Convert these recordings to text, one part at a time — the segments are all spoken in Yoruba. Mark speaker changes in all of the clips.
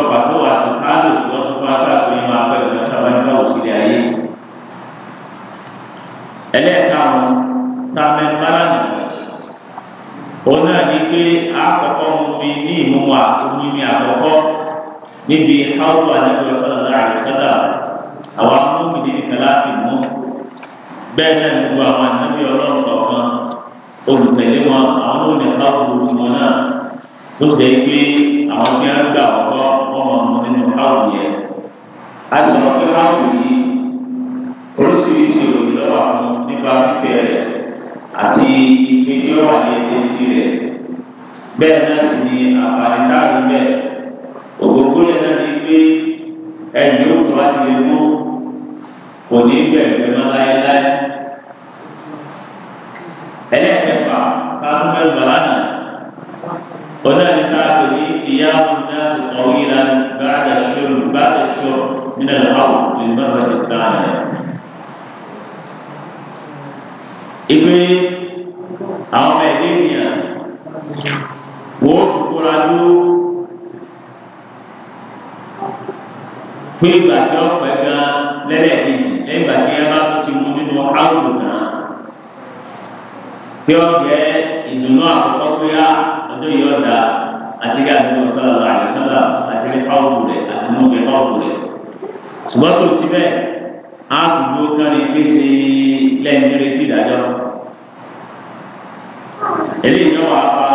Speaker 1: ọlọ́pàá tó wà sí káàdì tí wọ́n tún fún akáàkiri máa pẹ́ ìgbà tí a bá ń bá òsìlẹ̀ ayé. ẹlẹ́ẹ̀karùn-ún tá a mẹ́nu bára nì òun náà ní pé àkọ́kọ́ mu mi ní ìmúmu àkómi mi àkọ́kọ́ níbi káwọ́ àdébọ̀ sọ̀rọ̀ láàrin sọ́dà àwọn amúnmìnì nìkan láti mú bẹ́ẹ̀ náà ní gbogbo àwọn ànábì ọlọ́run kọ̀ọ̀kan olùtẹ̀lé wọn àwọn olùkọ́ àwọn olùkọ́ náà tó jẹ́ pé àwọn tí wọ́n gbà wọ́n káwọn yẹn a sì mọ pé káwọn yìí oríṣiríṣi òbí lọ́wọ́ àwọn nípa fífẹ́ rẹ̀ àti ìfẹ́jọ́ wà ní etí rẹ̀ bẹ́ẹ̀ náà sì ni àǹfààní táàrí bẹ́ẹ̀ ògbógbó yẹn náà ni pé ẹ̀yìn yóò tó láti lè mú kò ní bẹ̀rẹ̀ mọ́ láéláé ẹlẹ́ẹ̀kẹfà káwọn mẹ́rin bàbá náà. هنالك عبد إياه الناس طويلا بعد باء الشر من الأرض للمرة الثانية إبني أو مدينة وقرأوا pé ìgbà tí wọ́n pẹ̀ gan lẹ́lẹ́kejì lẹ́yìn ìgbà tí ẹ bá tún ti mú nínú áwùjọ náà tí wọ́n jẹ́ ìdùnnú àkọ́kọ́ pé á yìí ọ̀dà àti ká àti mọ̀sálà lọ àyọ̀sálà àti ní pàwùrù rẹ̀ àti ní ọgbẹ́ pàwùrù rẹ̀. ṣùgbọ́n tó ti bẹ́ẹ̀ á tún dúró kárí kése lẹ́yìn lórí ti ìdájọ́. eléyìí náà wàá fa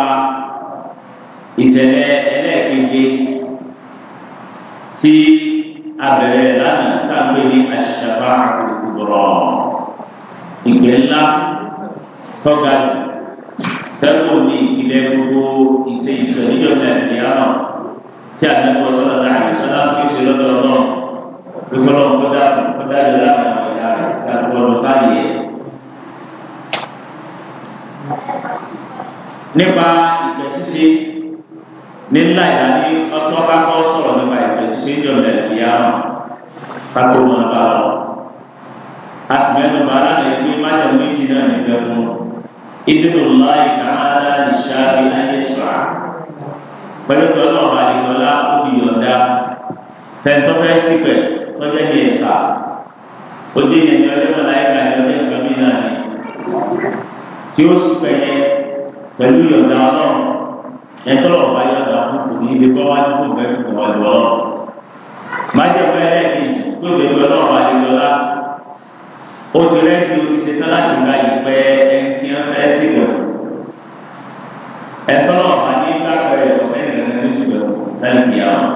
Speaker 1: ìṣẹ̀lẹ̀ ẹlẹ́ẹ̀keje tí abẹ̀rẹ̀ lánàá tàbí ní àṣàbà àkùrọ̀ ìgbẹ́ ńlá tọ́ga tẹ́lifù ní ilẹ̀ gbogbo ìṣe ìṣe níjọ́ nàìjíríà náà tí a ní kọ́ sọ́dọ̀ náà àti sọ́dọ̀ àti ìṣe lọ́dọ̀ náà gbogbo náà kó dà kó dà lè láàrin àwọn ìyá rẹ̀ kí a gbọ́ lọ sáyé. nípa ìgbẹ́ ṣíṣe nílá ìyá ní ọtọ́ bá kọ́ sọ̀rọ̀ nípa ìgbẹ́ níjọ́ nàìjíríà náà kátó mọ̀ nípa lọ. a sì mẹ́nu bàrà lè ní májọ̀ pẹ̀lú tí ọlọ́run àdìgbọ́lá ó fi yọ̀ǹda fẹ́ntọ́ fẹ́ sípẹ̀ tọ́jọ́ ní ẹ̀sà ó dé ní ẹ̀yọ́ ọjọ́ mọ̀láyíkà ní ọjọ́ ìjọ mi náà ni tí ó sípẹ̀ yẹn pẹ̀lú yọ̀ǹda ọlọ́run ẹ̀tọ́ lọ́wọ́ bá yọ̀ǹda fún kò ní ilé bọ́wá ní kò fẹ́ fún ọ̀dọ̀ ọlọ́run májèmọ́ ẹlẹ́ẹ̀kejì tó lè lọ ọlọ́run àdìgbọ́lá ó ti rẹ́ẹ̀dì ó ti ṣetán láti gba ìpẹ́ ẹni tí wọ́n fẹ́ sípẹ̀ ẹ̀tọ́ lọ́wọ́ bá ní gbàgbẹ́ ọ̀sẹ́ni láti àwọn.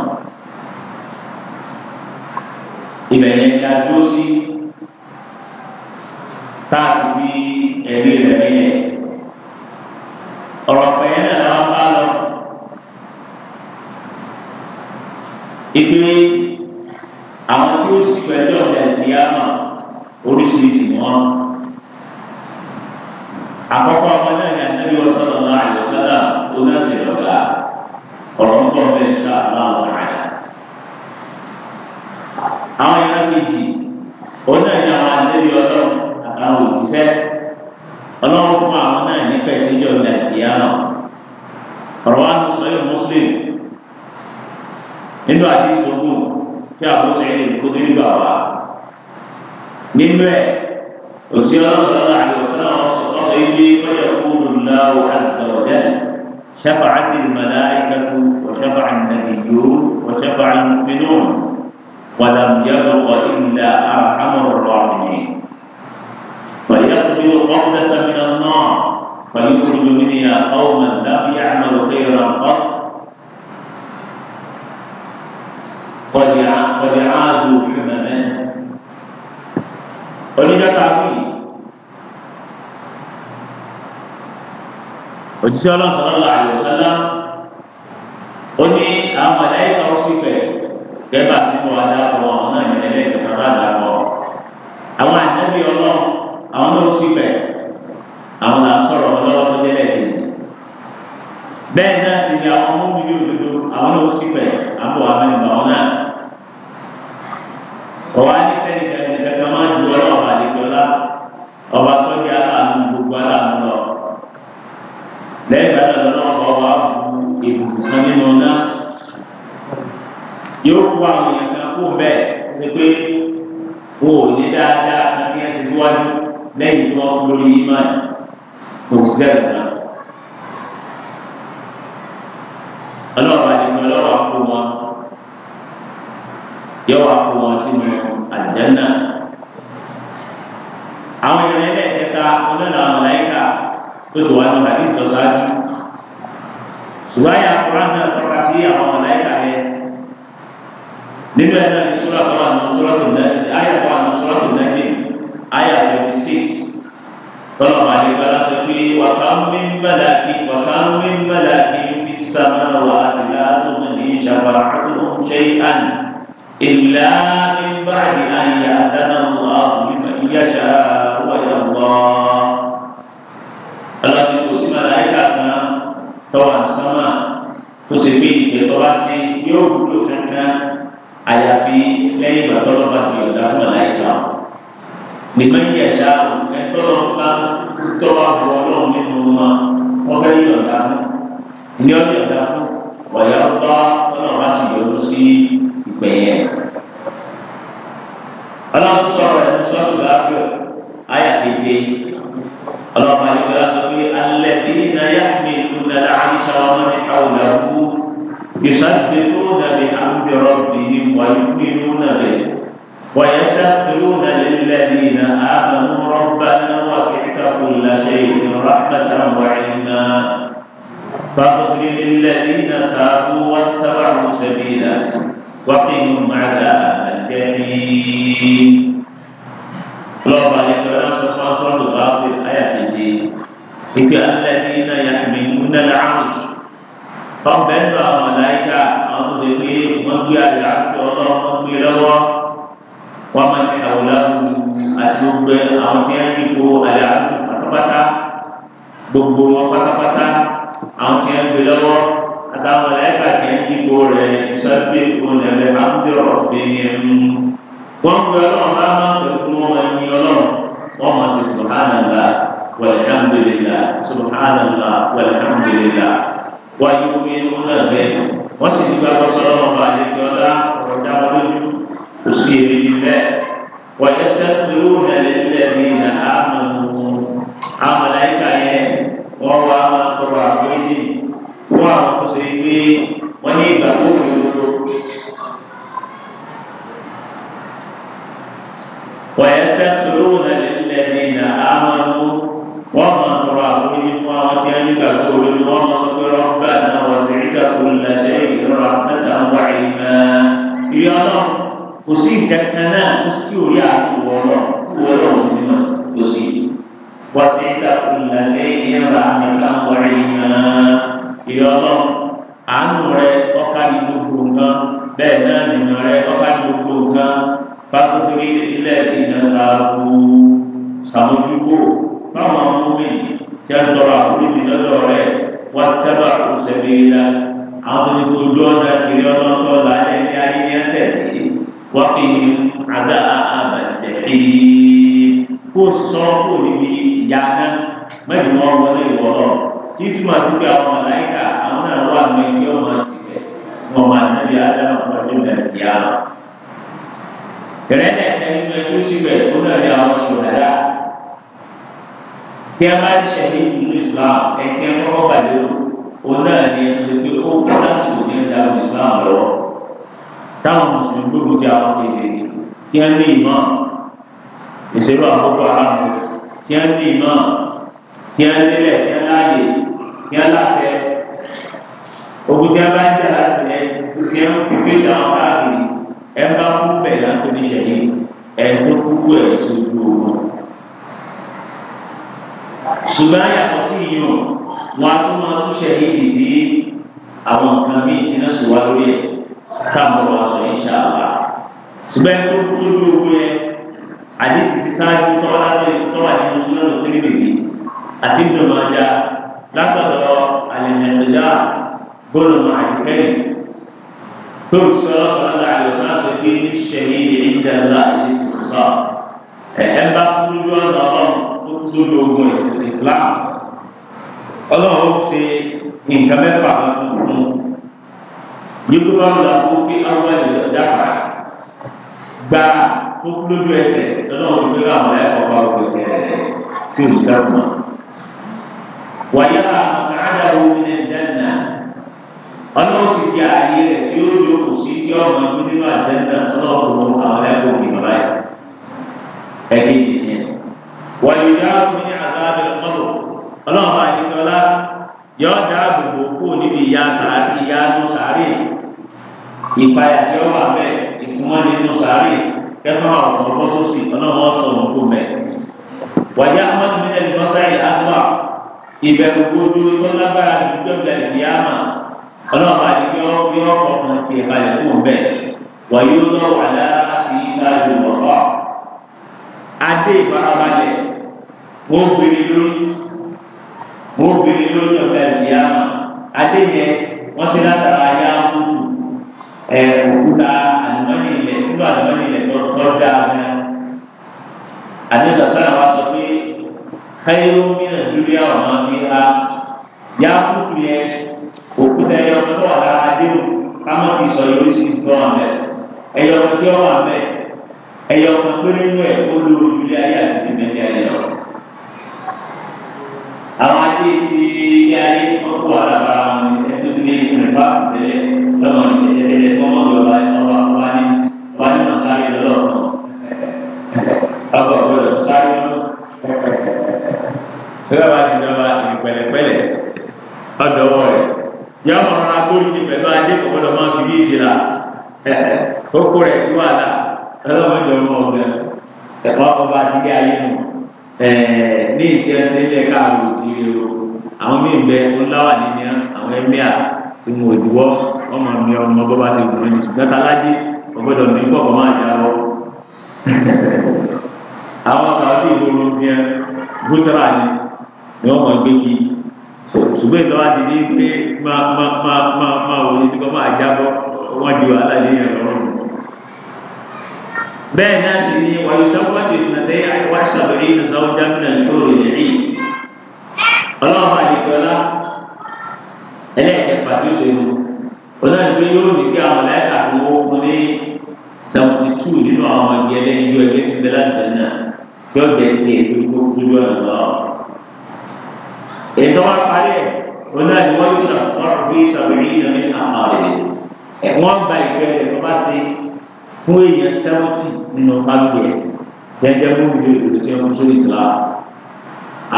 Speaker 1: ibẹ̀ yẹn ya dúró sí táàsì bí ẹ̀rí rẹ̀ nílẹ̀ ọ̀rọ̀ pẹ̀lú náà làwọn bá lọ. ìpínlẹ̀ àwọn tí ó sì pẹ̀lú ọ̀dẹ̀ ìyáàmà oríṣiríṣi ni wọ́n. àkọ́kọ́ ọmọ náà ní àtẹ́wé ọ̀sán lọ́la àìlọ́sọ́dà ó náà sì lọ́la ọ̀rọ̀ ń bọ̀ bẹ́ẹ̀ ṣá aláwọ̀ àyà. àwọn ìlànà kejì òun náà ní àwọn àlejò ọlọ́run àtàwọn òjíṣẹ́ ọlọ́run fún àwọn náà ní pẹ̀síjọ́ ọ̀nà ìyá náà ọ̀rọ̀ wa sọ yóò muslim nínú àdìsí ogun tí àwọn sẹ́yìn lè kó nígbà wa nínú ẹ̀ òsì ọlọ́sọ̀rọ̀ àdìsí ọ̀sán ọ̀sọ̀ yìí kọ́jà kúrò láwọ̀ àdìsí ọ̀dẹ́ni. شفعت الملائكة وشفع النبيون وشفع المؤمنون ولم يبق إلا أرحم الراحمين فيقبل قبلة من النار فيخرج منها قوما لم يعملوا خيرا قط قد عادوا حمما ولذا تعطيه òjíṣẹ́ ọlọ́sọ̀rọ̀ là àlùsọ́lá ó ní àwọn ẹ̀yìn kan sí pẹ̀ gẹ́gbà sí wọn adáàbọ̀ náà ní ẹlẹ́gbẹ̀ẹ́ ìpè alẹ́bí iná yàtúmí múná làárù ọ̀bẹ ń lọ àwọn ọ̀láyíká àwọn tó ṣe pé wọ́n gbé àlè àti ọlọ́run wọ́n gbé lọ́wọ́ wọ́n máa ti àwòrán àti gbogbo àwọn tí wọ́n ń kó àlè pátápátá gbogbo wọn pátápátá àwọn tí wọ́n gbé lọ́wọ́ àtàwọn ọ̀láyíká tí wọ́n ń kó rẹ̀ ìṣàgbé ìfowópamọ́ máa ń bẹ̀rọ̀ bẹ̀rẹ̀ mú wọ́n gbé ọlọ́run bá máa والحمد لله سبحان الله والحمد لله ويؤمنون به وسيدي بابا صلى الله عليه وسلم ورجعوا أسير لله ويستغفرون للذين آمنوا أملاك وهو القرآن وهو المسلمين ونيبه ويستغفرون للذين آمنوا wọ́n máa tọrọ àforíjì fún àwọn tí wọ́n nígbà tó orí ni wọ́n máa sọ pé rọ́bà náà wọ́n sì ríkà kó lẹ́sẹ̀ ìrora mẹ́ta ń wá ìmọ̀ ìyá náà kò sí ìkẹkẹ náà kó sí orí àtúwọ̀ náà tí wọ́n lọ sí ní kò sí. wọ́n sì ríkà kó lẹ́sẹ̀ ìrora mẹ́ta ń wá ìmọ̀ ìyá náà àánú rẹ ọ̀ka ní gbogbo nǹkan bẹ́ẹ̀ náà nìyẹn rẹ ọ̀ka ní gbogbo nǹkan fásitì báwọn ọmọbí tí a tọrọ àforíjì lọ́dọ̀ rẹ̀ wá tábà kó sẹ́bi la àwọn tó ní kó lọ́ ọ̀dà kiri ọlọ́tọ̀ là ẹ̀ ní ayé ní ẹ̀tẹ̀ wá fi àdá àbàtẹ̀ fi kó sọ kó níbi ìyá náà mẹ́rin wọn wọlé ìwọ náà kí túmọ̀ sí pé àwọn màláìkà àwọn náà wà ní ẹgbẹ́ ọmọ àti ìfẹ́ wọn máa níbi àdáhùn ọdún nàìjíríà. kẹrẹ́tẹ̀ ẹni tó ṣì tí a bá ń ṣẹlẹ̀ ìlú Islam ẹ̀kẹ́ kọ́kọ́ bàjẹ́ o òun náà ni ẹni pé ó kọ́ lásìkò tí ń da ìlú Islam lọ́wọ́ táwọn mùsùlùmí gbogbo ti àwọn kékeré tí a ní ìmọ̀ ìṣèlú àkókò aráàlú tí a ní ìmọ̀ tí a nílẹ̀ tí a láàyè tí a láṣẹ ogun tí a bá ń jà láti rẹ̀ tí a ń fi fèsì àwọn káàkiri ẹ bá kú bẹ̀ láti oníṣẹ̀lẹ̀ ẹ̀ tó kú ẹ̀ sójú ogun ṣùgbọ́n yàtọ̀ sí ìyẹn wọn a tún máa tún ṣẹ̀yìn ìdí sí àwọn nǹkan míì tí náà sùwà lórí ẹ̀ táwọn ọ̀rọ̀ aṣọ yìí ṣàlàyé ṣùgbọ́n tó tó lórí ogun yẹn àdéhùn ti sáájú tọ́wọ́ lábẹ́ tọ́wọ́ àdéhùn sọ́nà tẹ́lẹ̀ àti ìdùnnàjà látọ̀dọ̀ àlẹ́mẹ̀tẹ̀dá gbọ́dọ̀ àdìkẹ́yìn tó sọ̀rọ̀ sọ̀rọ̀ àlùsọ̀rọ̀ sọ̀rọ̀ pé ní ṣẹ̀yìn ìdílé ìdàgbà ìṣèkùsọ̀ ẹ̀ ẹ̀ bá kú tó lo ogun Islam ọlọ́run ṣe nǹkan mẹ́fà fún yíkú bá wùlà kó bí àwọn ènìyàn dábà gba tó kú lójú ẹsẹ̀ ọlọ́run fi gbé àwọn ẹ̀kọ́ bá wọ́n ṣe fún nǹkan mọ́. wàyà àkàrà òun ní dẹ́nà ọlọ́run sì di ààyè rẹ̀ tí ó yókù sí tí ọmọ ìlú nínú àdẹ́nà ọlọ́run àwọn ẹ̀kọ́ kì bàbá yẹn. ẹ̀kejì ni wàlúùdáàbò ní àzáàbẹ̀ ọ̀pọ̀lọ̀ ọlọ́run bá ti tọ́lá yọ dáàbò bò kó níbi ìyá sàárì ìyá nù sàárì ìpayà tí ó wà bẹ́ẹ̀ ìfúnmọ́ni nù sàárì kẹfọ́n àwọn ọ̀pọ̀ sọ́sì ọlọ́run ọ̀sọ̀ ọ̀hún kò mẹ́. wàjà ahmed minel mọ́sáì adúlá ìbẹ̀rù gbójú tó lágbára dùdú ọ̀gbẹ̀rẹ̀ ìyáàmà ọlọ́run bá ti yọ ọkọ̀ tiẹ̀ adé ìfarabalẹ̀ wọ́n gbèrè lórí wọ́n gbèrè lórí ọ̀gá ìyá adé yẹn wọ́n ṣe látara ayé àkókò ẹ̀ òkúta àlùmọ́nì ilẹ̀ nínú àlùmọ́nì ilẹ̀ lọ́dọ̀ àmì
Speaker 2: àdéhùn sàṣàlà wa
Speaker 1: sọ pé káyọ̀ mìíràn lórí àwọn àmì ha yá àkókò yẹn òkúta ẹ̀yọ tó wà lára adéhùn kámọ́ ti sọ yóò sì gbọ́ àmì ẹ̀yọ tí ó wà mẹ́ ẹ̀yọ kan péré ń wẹ̀ ó lórí ilé ayé àti tìmẹ́lẹ́ ayé lọ́wọ́ àwọn àti ti ilé ayé ọkọ àlàbà ẹtú ti ní ìrìnbá tẹ́lẹ̀ lọnà ìtẹtẹtẹ tọmọ ìjọba ọba ọba ní ọba ní ma sáré lọlọ ọba ọgbọdọ sáré lọ ìjọba ti jọba ní pẹ̀lẹ́pẹ̀lẹ́ ọdọ ọwọ́ rẹ̀ yà wọn rà kórì ní pẹ̀lú ajé kọkọdọ máa fi yíyí la kókó rẹ̀ sí wàhálà ẹlọmọdé ọmọ ọgbẹ ẹ̀kọ́ ọba àti ilé ayé. fún èèyàn sẹ́wọ́tì nínú pàgbé ẹ̀ jẹ́jẹ́ mú ìlú ìlú tí wọ́n sórí islam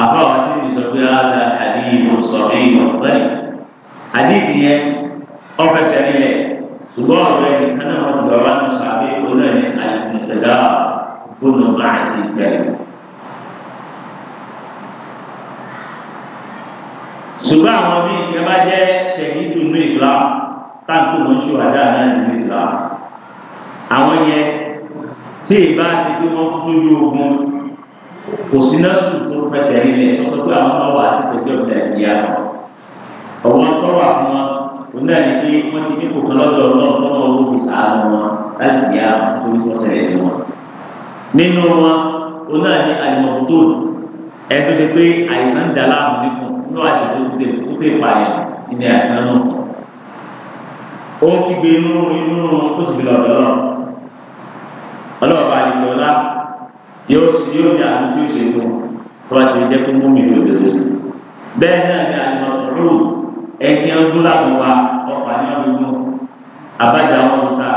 Speaker 1: àbá wa ti di sọ pé ala àdìyẹ sọ̀rọ̀ yìí wọ́n bẹ́ẹ̀ àdìyẹ yẹn ọ̀fẹ́sẹ̀ nílẹ̀ ṣùgbọ́n ọ̀rọ̀ ẹ̀ nìkan náà ti bàbá tó sàbẹ̀ ọ̀nà ẹ̀ àyẹ̀tẹ̀dá gbọ́dọ̀ máa ti bẹ̀rẹ̀. ṣùgbọ́n àwọn bíi tí ẹ bá jẹ́ ṣẹ̀yìn tó ní islam táǹkù wọn ṣùwádà náà àwọn yẹn tí ìbá ṣe pé wọ́n kú lójú ogun kò sí náà sùn tó fẹsẹ̀ nílẹ̀ tó sọ pé àwọn náà wà sí pẹ̀lú ọ̀dà ìyá lọ. ọ̀wọ́n tọ́wọ́ àwọn òun náà ní pé wọ́n ti ní kòkó lọ́dọ̀ ọlọ́run tó náà wọ́n fi sàánú wọn láti ìyá tó ní kọ́ sẹ̀rẹ̀ sí wọn. nínú wọn òun náà ní àlùmọ̀tò ẹ̀ tó ṣe pé àìsàn dà láàmú nìkan ní wàá ṣe tó tẹ̀ pààyàn ní àìsàn náà. ó ń kígbe inú inú ó sì fi lọ́dọ̀ lọ́rùn ọlọ́ọ̀bá àdìgbọ́lá yóò sì yóò ní àmì tí ó ṣe fún tó bá ti jẹ́ kó mú mi lòdòdò bẹ́ẹ̀ náà ni àdìmọ̀tòrò ẹtì ọdún làwọn wa ọ̀pá ní ọdún abájà wọn sá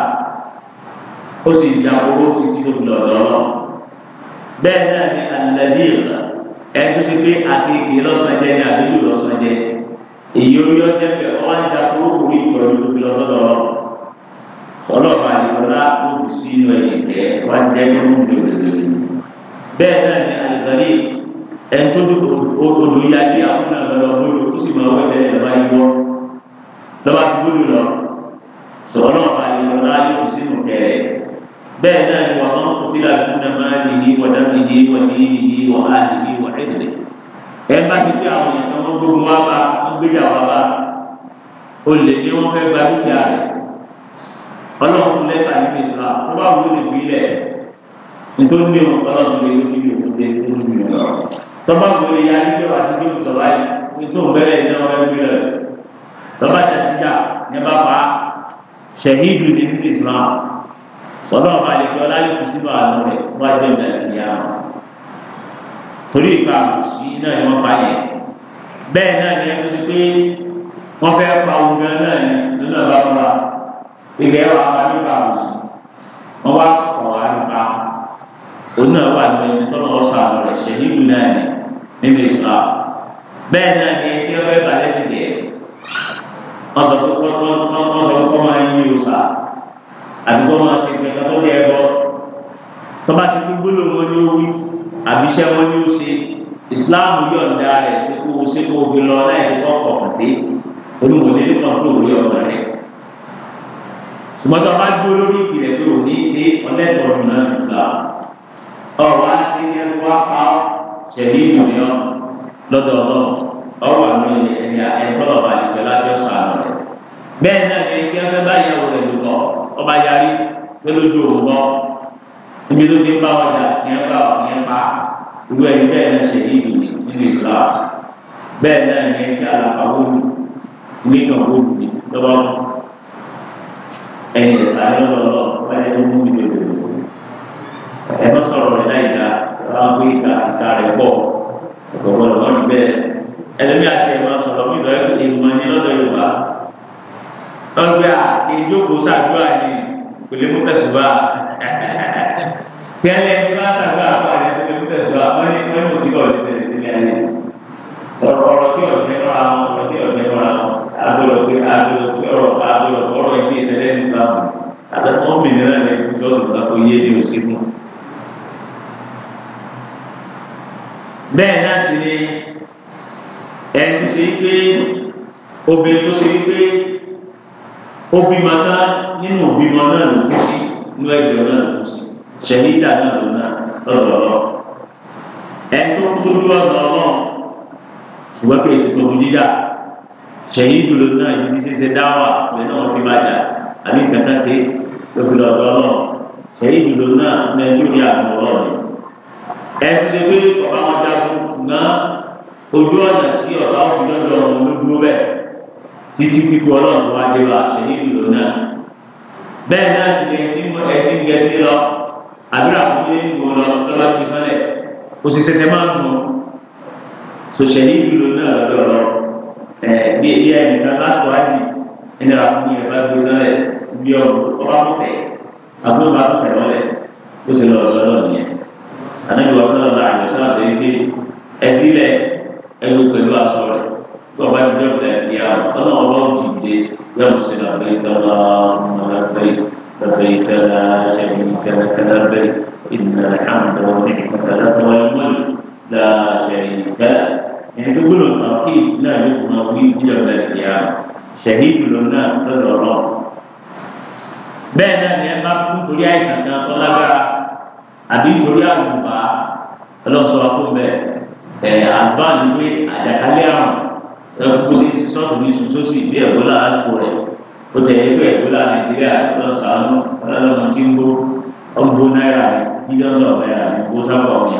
Speaker 1: ó sì gba owó títí tó fi lọ́dọ̀ lọ bẹ́ẹ̀ náà ni àdìlẹ́dì ìlà ẹtù ti pé àkèké lọ́sànjẹ́ ni àdìlù lọ́sànjẹ́ èyí orí ọjọ́ bẹ̀ ọ́ wá ń da owó orí ìtọ́jú tó fi ọlọ́ọ̀bá àdìgbòlá lóbi sí inú ẹ̀yìn tẹ́ wá jẹ́ nínú gbèrègbèrè bẹ́ẹ̀ náà ni àdìgbòlá ẹni tó olùyájí àkúnà lọ́lọ́ bóyá ó sì máa wẹ́lẹ̀ ẹ̀ máa yíwọ́ lọ́wọ́ ti bóyá lọ sọ ọlọ́ọ̀bá àdìgbòlá lóbi sí inú kẹrẹ bẹ́ẹ̀ náà ni wọ́n máa ń kó fílà kúnà máa ń nìyí wọ́dà nìyí wọ́dà nìyí wọ́dà nìyí wọ́dà nìyí ẹ bá ti fi àwọn èèyàn wọn gbogbo wa bá wọn gbéjà wa bá olè ni wọn fẹ́ gba ọlọ́run lẹ́tà nínú ìsúná tó bá wúlò lè fi lẹ̀ nítorí mi ò ọlọ́run lè fi mi ò dé nínú mi lọ. tọ́ba gbòòrò ya ní ìjọba sí bí ìsọ̀ báyìí nítorí bẹ́rẹ̀ ní ọmọ ẹgbẹ́ rẹ̀ tọ́ba ṣe síjà ní bá fa ṣẹ̀hídù ní nínú ìsúná ọlọ́run bá lè fi ọlá yóò kú sínú àlọ́ rẹ̀ wá jẹ́ ìdàgbìyà bá yẹn bẹ́ẹ̀ gbígbé wà á bá nípa àwòsàn wọn wá kọ̀ wá nípa òun náà wà ní ẹni tó lọ́wọ́ sọ àwọn rẹ̀ ṣe níbi náà ní níbi ìsìlá bẹ́ẹ̀ náà ni tí ó fẹ́ balẹ̀ sí kẹ̀ wọ́n sọ pé wọ́n sọ pé wọ́n máa ń yí òòsà àti wọ́n máa ṣe pé ẹ̀ka tó lé ẹ̀bọ tó bá ti gbogbo lò wọ́n ní orí àbí iṣẹ́ wọn ní ó ṣe ìsìláàmù yọ̀ǹda rẹ̀ kó o ṣe kó o fi lọ láì tó kọ̀ kàn sí onímọ̀lẹ́lẹ́ kan tó wọlé ọ̀rọ̀ rẹ̀ mọtò bá dúró lórí ìpìlẹ̀ tó o ní ṣe ọlẹ́tọ̀ ọ̀run náà nígbà ọ̀rọ̀ àti ẹ̀rọ apá ṣẹ̀lí ìmọ̀lẹ́ lọ́dọ̀ ọlọ́run ọ̀rọ̀ àmì ẹ̀yà ẹ̀kọ́ ọ̀bà ìgbẹ́ láti ọ̀sán àná rẹ̀ bẹ́ẹ̀ náà ní ẹ̀kí ẹ̀fẹ́ bá yàwó rẹ̀ lùkọ́ ọba yarí pé lójú òun mọ́ ibi ló ti ń bá ọjà ìyẹn bá ìyẹn pa irú ẹni bẹ́ẹ̀ náà ṣẹ̀lí ìdùnnú nínú ìsìlámù ẹ̀yìn ìsàlẹ̀ lọ́lọ́ wáyé tó mú mi lòdò ẹ bá sọ̀rọ̀ rẹ̀ láì dá ọ̀rọ̀ àwọn pé ìka ìka rẹ̀ pọ̀ ọ̀gbọ̀n lọ́wọ́ ní bẹ́ẹ̀ ẹlẹ́mí àti ẹ̀ máa sọ̀rọ̀ mí lọ́yẹ́ ìmọ̀ ní lọ́dọ̀ Yorùbá lọ́gbẹ́ à ìjókòó sàdúrà ni kò lè mú tẹ̀sùbà tẹ́lẹ̀ ní bá sàdúrà wà ní kò lè mú tẹ̀sùbà wọ́n ní wọ́n mú sí ọ̀rọ̀ tẹ̀lẹ̀ tẹ̀lẹ̀ ayé ọ̀rọ̀ tí ọ̀rọ̀ mẹ́rọ̀ àwọn ọ̀rọ̀ tí ọ̀rọ̀ mẹ́rọ̀ àwọn agbọ̀rọ̀ pé agbọ̀rọ̀ àtẹkọ òmìnira rẹ ìjọ yorùbá kò yé ní òsì bẹ́ẹ̀ náà sì ni ẹni tó ṣe pé obìnrin tó ṣe pé obì màtá nínú òbí mọ náà ló kú sí inú ẹgbẹ́ náà ló kú sí ṣẹ̀yìndà náà ló náà lọ́dọọdọ. ẹni tó kú sójú ọ̀nà ọlọ́run ṣùgbọ́n kí èsì tó kú dídà ṣẹ̀yìndà ló náà yìí ti ṣe dáwà pẹ̀lú àwọn àbí nǹkan ṣe é lóbi lọ́dọ̀ náà ṣèyí ìdìbò náà nàìjíríà lọ́wọ́ rẹ̀. ẹ ti ṣe pé ọba wọn jagun náà ojú ọ̀nà sí ọba òfin lọ́dọ̀ ọ̀run ló dúró bẹ́ẹ̀ títí kíkú ọlọ́run wá dé wa ṣèyí ìdìbò náà. bẹ́ẹ̀ náà sì lè ti mú ẹtí gẹ̀ẹ́sì lọ àdúrà fúnlé ìwò lọ lọ́ba fi sọ́lẹ̀ òṣìṣẹ́ tẹ máa ń mú ṣòṣèlú bí ọrùn ọba tó tẹ̀ àbúrò bá tó tẹ̀ lọ́lẹ̀ ó sì lọ lọ́lọ́ nìyẹn ànábi wà sọ́dọ̀ náà àyè sọ́dọ̀ tó yẹ ẹbí rẹ̀ ẹwú pẹ̀lú aṣọ rẹ̀ tó ọba ti dẹ́kun ẹ̀ ní àwọn ọ̀nà ọlọ́run ti dé yọ̀ọ́ sí lọ́bẹ̀ ìtọ́lá lọ́bẹ̀ lọ́bẹ̀ ìtọ́lá ṣẹ̀yìn kẹlẹ́kẹlẹ́ lọ́bẹ̀ ìnà àmọ̀ ìkọ̀tà lọ́bẹ̀ ìlú ṣẹ̀yìn lọ́nà lọ́dọ̀ ọlọ́run bẹ́ẹ̀ náà ni ẹ bá kú torí àìsàn kan tó lágbára àbí torí àwùbá ọlọ́sọ̀rọ̀ fún bẹ́ẹ̀ ẹ̀ àbá ni pé àjàkálẹ̀ àrùn ẹ kú sí sọ́ọ̀tù ní sòsòsì bí ẹ̀gbọ́lá lásìkò rẹ̀ ó tẹ̀ ẹ́ pé ẹ̀gbọ́lá nàìjíríà ọlọ́sàánú ọlọ́run ti ń gbó ọgbó náírà mílíọ̀nù náírà ìgbó sábà ọ̀nà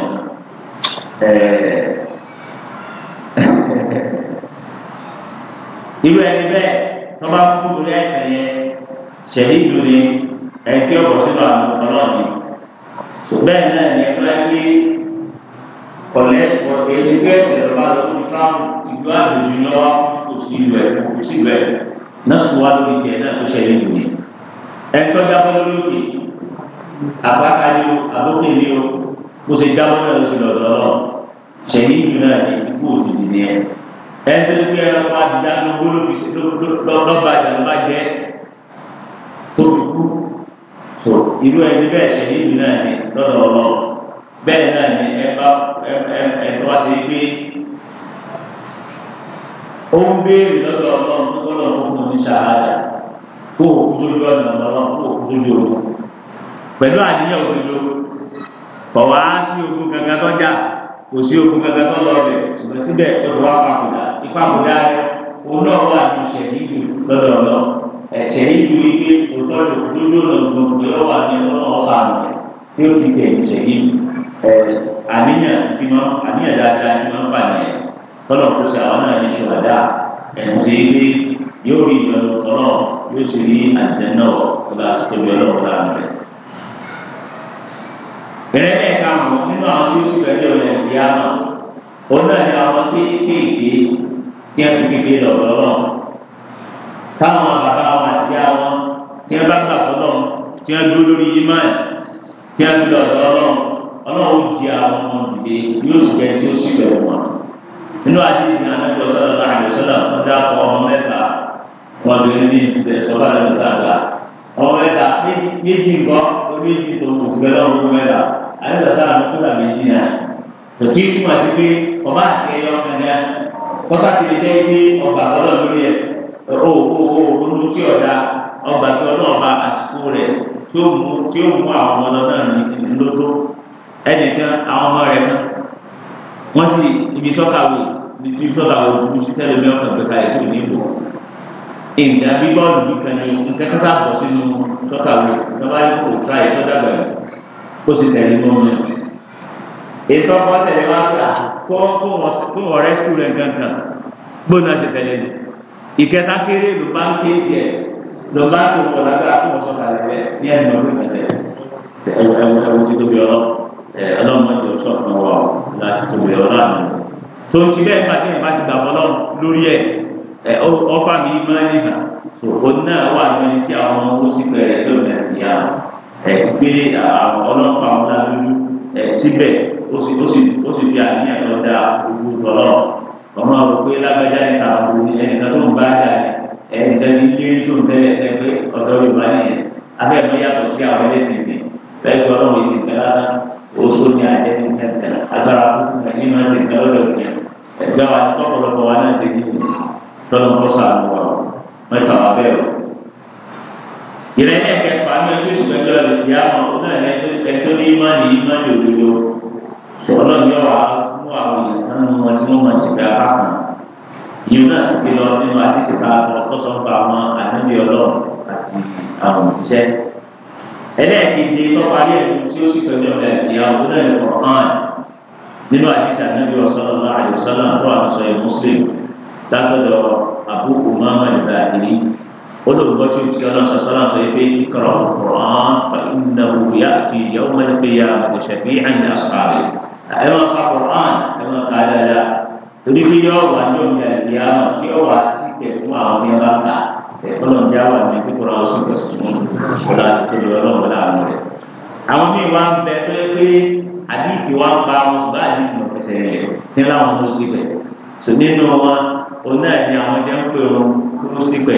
Speaker 1: irú ẹni bẹ́ẹ̀ tọ́ba kú torí àìsàn ṣẹ̀yìn ìlú ni ẹni tí ọ̀bọ̀ sínú àwọn ọlọ́ọ̀ni bẹ́ẹ̀ náà ni ẹgbẹ́ pé ọ̀lẹ́ èsì gẹ̀ẹ́sì ẹ̀rọ bá lọ fún táwọn ìlú àbèjì lọ kò sí ìlú ẹ̀ kò sí ìlú ẹ̀ náà sùn wá lórí tiẹ̀ náà tó ṣẹ̀yìn ìlú ni ẹ̀tọ́ jábọ́ lórí àbáta ni o àbókè ni o kò sì jábọ́ náà lọ sí lọ́dọ̀ lọ ṣẹ̀yìn náà ni ikú òjijì ni ẹ ẹ ń tẹ́lẹ̀ pé ẹranko àti dáná gbólóbì lọ́ba àjàlú bá jẹ́ tóbi kú so irú ẹni bẹ́ẹ̀ ṣe ní ìlú náà ní lọ́dọ̀ ọ̀rọ̀ bẹ́ẹ̀ náà ní ẹ bá ẹ tó wá sí pé ó ń béèrè lọ́dọ̀ ọlọ́run tó gbọ́dọ̀ fún un ní sàárà kó òkú tó lọ́dọ̀ ọlọ́run kó òkú tó lọ́dọ̀ pẹ̀lú àníyàn òdodo kọ̀wá sí ogun kankan tó jà kò sí ogun kankan tó lọ rẹ̀ ṣùgbọ́n síbẹ̀ ó ti wá papòdà ìpapòdà rẹ̀ òun náà wà ní ìṣẹ̀lẹ̀ ìlú lọ́dọ̀ ọlọ́run ẹ̀sẹ̀ ìlú ilé òtọ́jú dúdú lọ́dún tó lọ́ wà ní ọ̀sán rẹ̀ tí ó ti tẹ̀ ẹ̀sẹ̀ yìí ẹ̀ àníyàn tí wọ́n àníyàn dáadáa tí wọ́n bà yẹn tọ́lọ̀ kó sí àwọn náà ní ṣùgbọ́dá ẹ̀sẹ̀ ilé yóò rí ìyọnu tọ́lọ̀ yóò sì rí àjẹ náà tó bá ti láàrin rẹ̀. bẹ́ẹ̀ ẹ̀ káwọn nínú àwọn tí ó sì fẹ́ẹ́ táwọn bàbá wọn àti ìyá wọn tí wọ́n bá gbà fọlọ́ tí wọ́n dúró lórí imáì tí wọ́n fi lọ́dọ̀ ọlọ́run ọlọ́run ó di àwọn ọmọ ìdílé yóò sì bẹ́ẹ̀ tí ó sì bẹ̀rù wọn. nínú àdéhùn ní anájọ sọlá náà àjọ sọlá wọn dákọ ọmọ mẹ́ta wọn bẹ ní ìbẹ̀ sọlá ní ìtàgbà ọmọ mẹ́ta méjì ńkọ méjì tó kù fún bẹ́ẹ̀ lọ́wọ́ mẹ́ta àyẹ̀wò sáà ló kúrò méjì náà tòtí túmọ̀ sí pé ọba àti ẹyọ ọmọ ẹ̀ ẹ̀ owó owó olú tí ọ̀dà ọgbà tí ọlọ́run bá àsìkò rẹ̀ tí ó mú tí ó mú àwọn ọmọ náà ní lótó ẹnìkan àwọn ọmọ rẹ̀ náà wọ́n sì ibi sọ́kà wò ibi sọ́kà wò lójú sí tẹ́lẹ̀ mẹ́wọ́n kan gbẹ̀ka ètò ìdìbò ìdá bí bọ́ọ̀lù nìkan ni nǹkan kátà bọ̀ sínú sọ́kà wò lọ́ba yìí kò ká ètò dàgbà rẹ̀ ó sì tẹ̀lé mọ́ mi.
Speaker 2: ètò ọkọ̀ tẹ̀lé wá ah,
Speaker 1: kó wọn rẹ́sítù rẹ̀ gángan gbóná ṣe tẹ̀lé ni ìkẹta kéré ló bá ń ké tiẹ̀ ló bá tó pọ̀ lágbára tó wọ́n sọ̀tà rẹ̀ ní ẹ̀yìn ọdún kẹtẹ ẹ̀wọ̀n ti tóbi ọlọ́ ọlọ́mọ ti sọ̀ fún wa láti tóbi ọlọ́ àná tó ti bẹ́ẹ̀ bá tẹ̀yìn bá ti gbà bọ́lọ́ lórí ẹ̀ ọfà mi máa ń nìkan òun náà wà lórí tí àwọn ọmọ sì bẹ̀rẹ̀ lónìí ìyá ẹ̀ gbé àwọn ọlọ́pàá ọ̀la ọmọ àwọn òkú lágbájá ní kàwé ní ẹnìkan tó ń bá dà ní ẹnìkan ní ilé tó ń tẹ́lẹ̀ ẹgbẹ́ ọ̀dọ́ yorùbá nìyẹn abẹ́ẹ̀mọ́ yàtọ̀ sí àwọn ẹlẹ́sìn mi bẹ́ẹ̀ tó ọlọ́run ìsìn kẹlá oṣù ní àjẹ́ ní kẹtẹ agbára fún mi máa ń sìn kẹlá ọ̀dọ̀ tiẹ̀ ẹgbẹ́ wa tọ́pọ̀lọpọ̀ wa náà ti dìbò tọ́nà kọ́sà àbúrò pa àwọn èèyàn kan nínú wọn tí wọ́n máa ṣe pé apá kan yìí náà sì gbé lọ nínú àdìsíta ọlọ́tọ́sọ ń pa àwọn ànábì ọlọ́run àti àwọn òṣìṣẹ́ ẹlẹ́ẹ̀kejì tọ́pọ̀ ayé ẹ̀kú tí ó sì pẹ̀lú ọ̀rẹ́ ìyàwó náà lọ́kọ̀ hàn nínú àdìsí ànábì ọ̀sọ́lọ́lá àyọ̀sọ́lá tó àtúnṣe muslim látọ̀dọ̀ àbúkù mọ́mọ́ ìgbà ìrí olùkọ́ tí ó ti ọlọ́sọ sọ́lá sọ pé kọ̀rọ̀ kọ̀rọ̀ ẹ máa ka Quran ẹ máa ka dáadáa torí pé yọ wà ní omi àìlè àmọ́ kí ọ wà sí ìkẹ fún àwọn tí wọn bá ta ẹ kọlọ ń jáwà ní kí kọlọ ọsùn kọ sí mú kọlọ àti tóbi Ọlọ́run wọn làánú rẹ. àwọn míì wá ń bẹ tó pé àdìsí wa ń bá wọn bá àdìsí wọn fẹsẹ̀ rẹ ní láwọn mú sí bẹ sọ nínú wọn òun náà ni àwọn jẹ ń pè wọn mú sí bẹ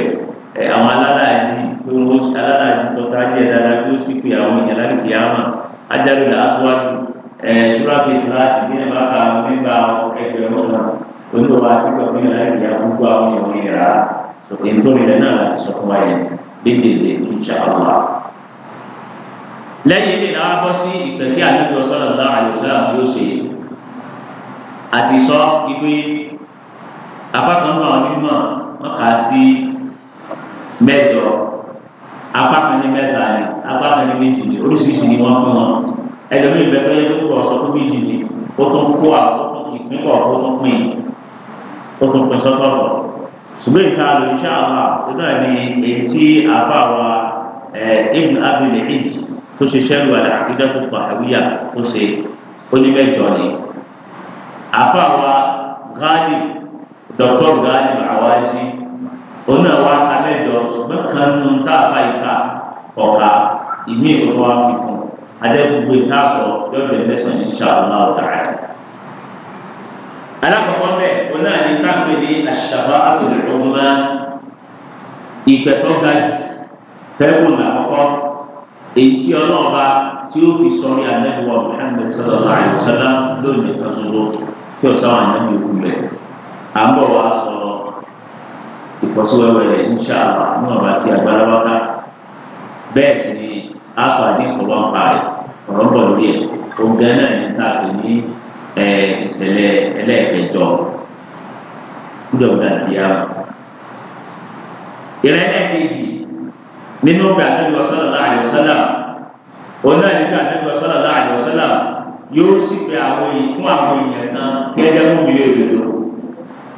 Speaker 1: àwọn alálàájì tó ń wọ́n alálàájì tó sáájú ẹ̀ dáadáa tó sì pé àwọn ìyàlá Eh, sura fi filasi bí ẹ bá ka nígbà ẹgbẹ̀rún náà oníwà sígbà fún yàrá ìyá gbogbo àwọn èèyàn yàrá sọkè nítorí rẹ náà láti sọ fún wa yẹn lédèlè insha Allah. lẹ́yìn ilé náà bọ́ sí ìpẹ̀sí àdúgbò sọ̀rọ̀ náà àyọ̀sọ́ àti òsè àti sọ ìpè apákan náà onímọ̀ wọn kà á sí mẹ́jọ apákan ní mẹ́ta ni apákan ní méjì ni oríṣiríṣi ni wọ́n fún wọn ẹlòmíì bẹ tó yẹ kó kúrò ọ̀sọ́ tó méjì ni ó tún kó àwọn ìpín pọ̀ ó tún pín ó tún pín sọ́tọ̀ọ̀tọ̀ ṣùgbọ́n ìta lò iṣẹ́ àwa nínú ẹ̀ ní èyí tí àbá wa ẹ̀ ibn abilé ìjì tó ṣe ṣẹ́lu àdá àkídẹ́kù fàáwíyà tó ṣe onímẹ̀jọ ni àbá wa gáàdì dr gáàdì àwájí onú àwa amẹ́jọ ṣùgbọ́n kan nù tá a bá ìka ọ̀ka ìmí ìkọ́tọ́ wa fi adẹ́gbogbo ìta sọ̀rọ̀ lọ́dọ̀ ẹ̀mẹ́sàn ní sàlọ́nà ọ̀tà rẹ̀. alákọ̀ọ́kọ́ bẹ́ẹ̀ wọn náà ní káfíń ní àṣàbá àtòlùdọ́gbọ́n ìpẹ̀tọ́ ga fẹ́ẹ́wò làkọ́kọ́ èyí tí ọlọ́ọ̀ba tí ó fi sọrí ànẹ́wò Muhammad sallallahu alaihi wasallam lónìí kan ṣoṣo tí ó sáwọn ànẹ́wò ìkú rẹ̀ à ń bọ̀ wá sọ̀rọ̀ ìfọ́síwẹ́wẹ́ rẹ̀ inṣàlá ní ọ̀bá tí àgbàlagbà bẹ́ẹ̀ sì ni aṣọ àdìsọ lọ ń pa rẹ̀ ọ̀rọ̀ ń bọ̀ lórí ẹ̀ oúnjẹ náà ní ta pè ní ìṣẹ̀lẹ̀ ẹlẹ́ẹ̀kẹjọ gbọ́dọ̀ dàbí àwọn. ìrẹ́lẹ̀ kejì nínú ọgbà àdúgbò sọ́dọ̀ láàyò sọ́dà òun náà nígbà àdúgbò sọ́dọ̀ láàyò sọ́dà yóò sì pé àwọn èyí fún àwọn èèyàn náà tí ẹ dẹ́kun mi lè lò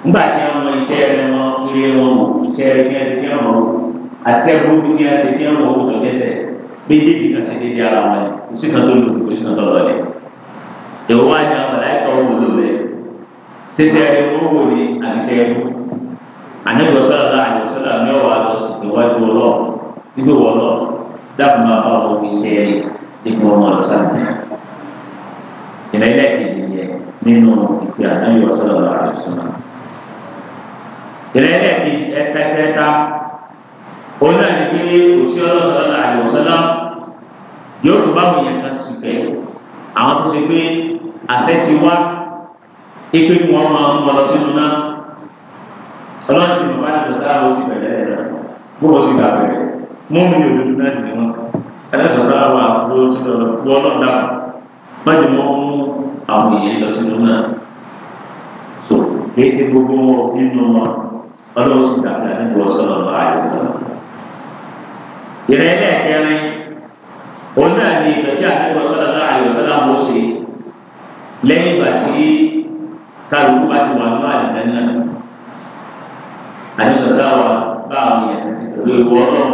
Speaker 1: nígbà tí wọn mọ iṣẹ́ rẹ wọn eré wọn wò iṣẹ́ rẹ tí wọn ti tí wọn wò àti ẹ̀kọ́ bí tí wọn ti tí wọn wò tó dẹ́sẹ̀ méjèèjì náà sì dédé ara wọn ni kò sí kan tó lò kò sí kan tó lọ lẹ èwo wá ní àwọn ọ̀la ẹ̀kọ́ wò lò rẹ ṣẹṣẹ ẹni wọ́n wò ní àbíṣẹ ẹni àníbọ̀ sọ́dọ̀ náà àníbọ̀ sọ́dọ̀ àmì ọ̀wà lọ sí ìwájú ọlọ́ nígbè wọ́n lọ dákun máa bá ọmọ mi ṣe ẹni nígbà ọmọ lọ sáàmì ìrẹ́lẹ̀ kejì yẹ nínú ìpè àníbọ̀ sọ́dọ̀ náà àníbọ̀ sọ́dọ̀ ìrẹ́lẹ̀ kejì ẹ̀ẹ́dẹ́gbẹ́ta ó náà ní pé kò sí ọlọ́sọ̀rọ̀ àníbọ̀ sọ́dọ̀ yóò tó báwọn yẹn kan sì fẹ́ àwọn tó ṣe pé àṣẹ ti wá ipe kí wọ́n máa ń lọ sínú náà ọlọ́run ti mọ̀ bá ti dọ̀tà ó sì bẹ̀rẹ̀ rẹ̀ bó o sì gbà bẹ̀rẹ̀ mú mi ò dúdú náà sì ni wọn ẹlẹ́sọ̀ sára wà ló ti lọ lọ́ọ́ náà dáhùn wọ́n ti mọ̀ mú àwọn èèyàn lọ sínú náà so èyí ti gbogbo wọn nínú wọn ọlọ́run sì gbà bẹ̀rẹ̀ níbo sọ̀rọ̀ lọ́wọ́ àyè sọ̀rọ̀ ìrẹ́lẹ̀ kẹrin òun náà ni ìgbà tí àdúgbò sọ́dà náà àyè sọ́dà mọ́ ṣe lẹ́yìn ìgbà tí kálukú bá ti wà ní àdìgbà náà àdìsọ̀sá wa bá àwọn èèyàn ti pẹ̀lú ìwọ ọlọ́run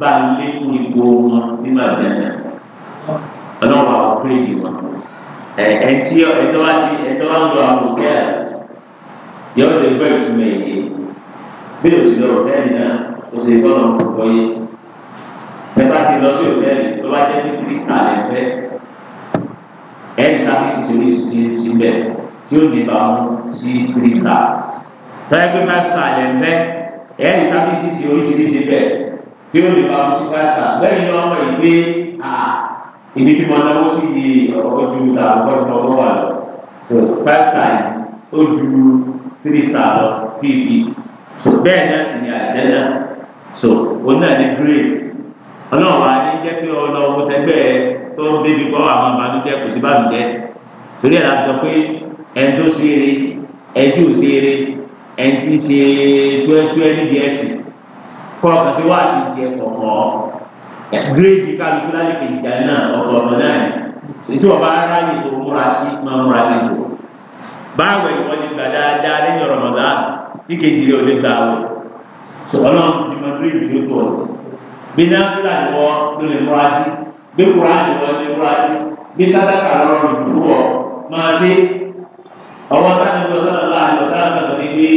Speaker 1: bá ń lékún ipò wọn nínú àdìgbà náà ọlọ́run àwọn péjì wọn ẹtí ẹtọ́ wá ti ẹtọ́ wá ń lọ àwọn hòtẹ́ẹ̀lì yọ̀ọ́ lè gbọ́ ìtumọ̀ èyí bí òsì bẹ́ẹ̀ bá ti lọ sí òtẹ́ẹ̀lì tó bá jẹ́ ní kírísítà lẹ́ fẹ́ ẹ̀ ń sáfíìsì oríṣiríṣi síbẹ̀ tí ó nípa mú sí kírísítà tọ́yẹ́ pé pásítà lẹ́ fẹ́ ẹ̀ ń sáfíìsì oríṣiríṣi bẹ̀ tí ó nípa mú sí pásítà lẹ́yìn náà wọ́n yìí pé ibi tí mo náwó sí di ojú ìta ọgọ́dún ọgọ́ wà lọ so pásítà yìí ó ju kírísítà lọ fífi so bẹ́ẹ̀ náà sì ni àjẹ́ náà so òun náà ní gírèdì ọlọ́run wa ní jẹ́ pé ọlọ́run tẹgbẹ́ tó ń débi kọ́ àwọn àbánújẹ́ kò sí bànújẹ́ torí ẹ̀ la sọ pé ẹni tó ṣe eré ẹni tí ò ṣe eré ẹni tí ṣe tuẹ́tuẹ́ nídìí ẹ̀sìn kọ́ ọkàn sí wáàsí tiẹ̀ kọ̀ọ̀kọ́ gírèjì kálukú lálẹ́kẹ̀ ìjà náà ọ̀tọ̀ ọ̀nà náà ni ètò ọba aráyè tó múra sí máa múra sí tó báwo ìwọ ni gbà dáadáa lẹ́yìn ọ̀rọ̀ mọ̀dá tí kejì rẹ̀ ò lè gbà wọ̀ ọlọ́run ti mọ gírèjì tó tọ̀ ọ̀sẹ̀. Bina náfìlà ìwọ ló lè múra sí bí kura ìwọ ló lè múra sí bí sádàkà lọ́rùn ìdúró máa ṣe ọwọ́ táwọn ẹgbẹ́ sọ́nà láàrin ọ̀sán àgbàdo ní pé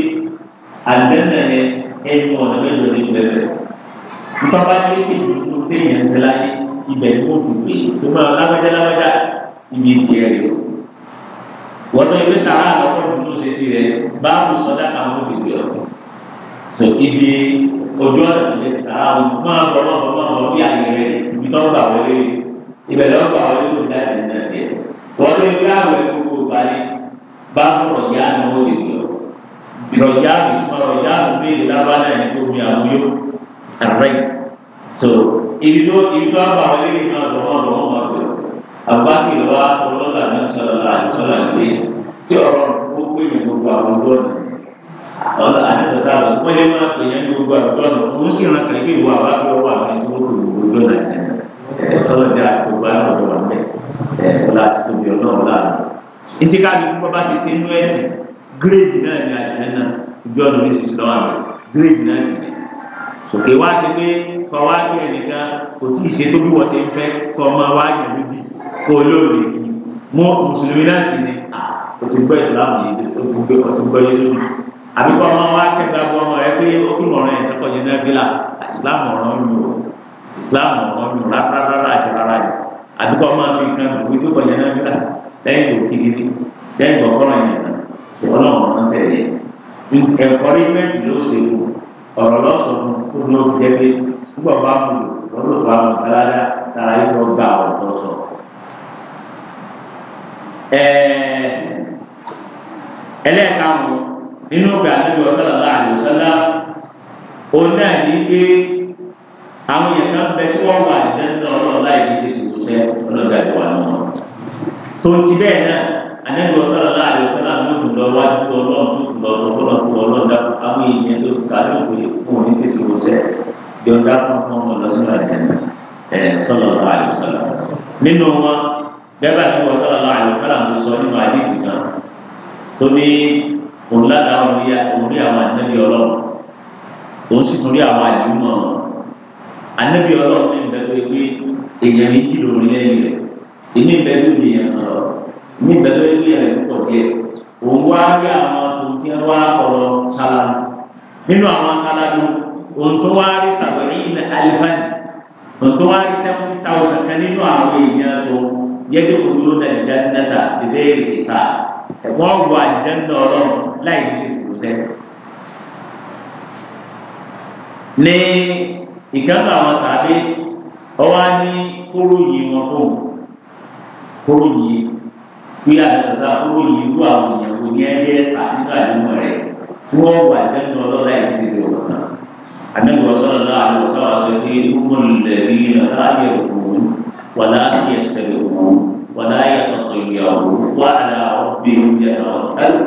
Speaker 1: àdéhùn ẹ̀ ẹnu ọ̀nà mẹ́jọ ní bẹ̀rẹ̀ ntọ́ba ṣe kí ìdúró téèyàn ń tẹ́lá ní ibẹ̀ ní o dùn pé tó máa lágbájá lágbájá ibi tiẹ̀ rẹ̀ o wọ́n náà ìwé sàrà àlọ́kọ̀ọ́ dùn ló ṣe sí rẹ̀ báwo sọ́dá àwọn o so ibi ojú ọ̀nà ìlẹ̀ sàrà máa bọ̀ máa bọ̀ máa bọ̀ bí àyè rẹ̀ ibi tó ń gbà wọlé ibẹ̀ lọ́ọ́ gbà wọlé ló dá ìdí náà tiẹ̀. wọ́n lé gbáwé gbogbo balẹ̀ bá rọ̀jà ni wọ́n ti gbé ọ. rọ̀jà bìtúmọ̀ rọ̀jà béèrè lábàlá ẹ̀ tó mi àwọn yó àrẹ. so ibi tó ibi tó ń gbà wọlé yìí máa bọ̀ máa bọ̀ máa ọ̀la àdìsọ́tà lọ wọ́n lé máa pè yẹn ní gbogbo àgbọ̀n òun sì ràn kàn kí ìwọ àbá fi ọwọ́ àwọn ẹni tó wọ́n kò gbogbo náà ẹ̀ ọlọ́dẹ àgbègbè àwọn ọ̀dọ́ wà mẹ́ ẹ̀ ọ̀la àti tóbi ọlọ́run láàrin. etí káàdì fún bàbá ṣe ṣe inú ẹ̀sìn gírèdì náà ní àdìyẹ náà ìjọ ọ̀nà ní ṣùṣù lọ́wọ́ àmì gírèdì náà sì ní. òkè wá ṣe pé kọ́wájú ẹnìkan kò tí ì ṣe tó bí wọ́n ṣe fẹ́ kọ́ àbí kọ́ ọmọ wa kẹta bọ́ ọmọ rẹ pé ó kí mọ̀ràn yẹn kẹ́kọ̀ọ́ yẹn náà bí la islam ọ̀ràn ń lò islam ọ̀ràn ń lò rárára àti rárá yìí àbí kọ́ ọmọ mi kan lò wí kẹ́kọ̀ọ́ yẹn náà bí la lẹ́yìn tó kiri lẹ́yìn tó kọ́ràn yẹn náà ọlọ́run ọ̀ràn sẹ́yẹ ẹ̀kọ́rìmẹ́ntì ló ṣe fún ọ̀rọ̀ lọ́sọ̀rọ̀ kó ló jẹ́ pé púpọ̀ bá mú lọ́dọ̀ bá mú balada tara nínú ọgbà àdébí ọ̀sán àlá àdìọ́sálá òun náà ní pé àwọn èèyàn kan bẹ tí wọ́n wà nínú ọlọ́run láì ní ṣe ṣòwò sẹ́ ọlọ́dà ìwà náà tó ti bẹ́ẹ̀ náà àdébí ọ̀sán àlá àdìọ́sálá ló dùn lọ wájú ọlọ́run tó dùn lọ sọ́kọ́lọ́ fún ọlọ́dà àwọn èèyàn tó sàlẹ̀ òkè fún òní ṣe ṣòwò sẹ́ yọ̀ǹda fún ti wọ sọ́lá àlùfáà ló sọ nínú àdéhùn òun ládàá orí orí àwọn ànábì ọlọ́run òun sì tún rí àwọn àdúgbò ànábì ọlọ́run ní ìbẹ́ tó gbé èèyàn méjì lórí lẹ́yìn rẹ̀ èmi ìbẹ́ tó gbé èèyàn kan lọ ní ìbẹ́ tó gbé èèyàn rẹ̀ púpọ̀ díẹ̀ òun wá rí àwọn tòkẹ́ wá ọ̀rọ̀ sálámù nínú àwọn sálámù òun tó wá rí sàbẹ̀rí ilẹ̀ alifani òun tó wá rí sẹ́fún táwọn sàkẹ́ nínú àwọn èèyàn tó yẹ kí òun ló dẹ̀ jẹ́ nẹ́ta wọ́n wọ àjẹ́ńdà ọlọ́run láì ní ṣe ìṣòṣẹ́. ní ìkẹ́kọ̀ọ́ àwọn sàbí ọwọ́ á ní kóró yìí wọn fún kóró yìí bí àtúnṣe kóró yìí wú àwọn èèyàn kò ní ẹgbẹ́ ẹ̀sà nínú àdúgbò rẹ̀ tí wọ́n wọ àjẹ́ńdà ọlọ́run láì ní ṣe ìṣòṣẹ́. النبي صلى الله عليه وسلم هم الذين لا يرجون ولا يستبعون ولا يتطيروا وعلى ربهم يتوكلوا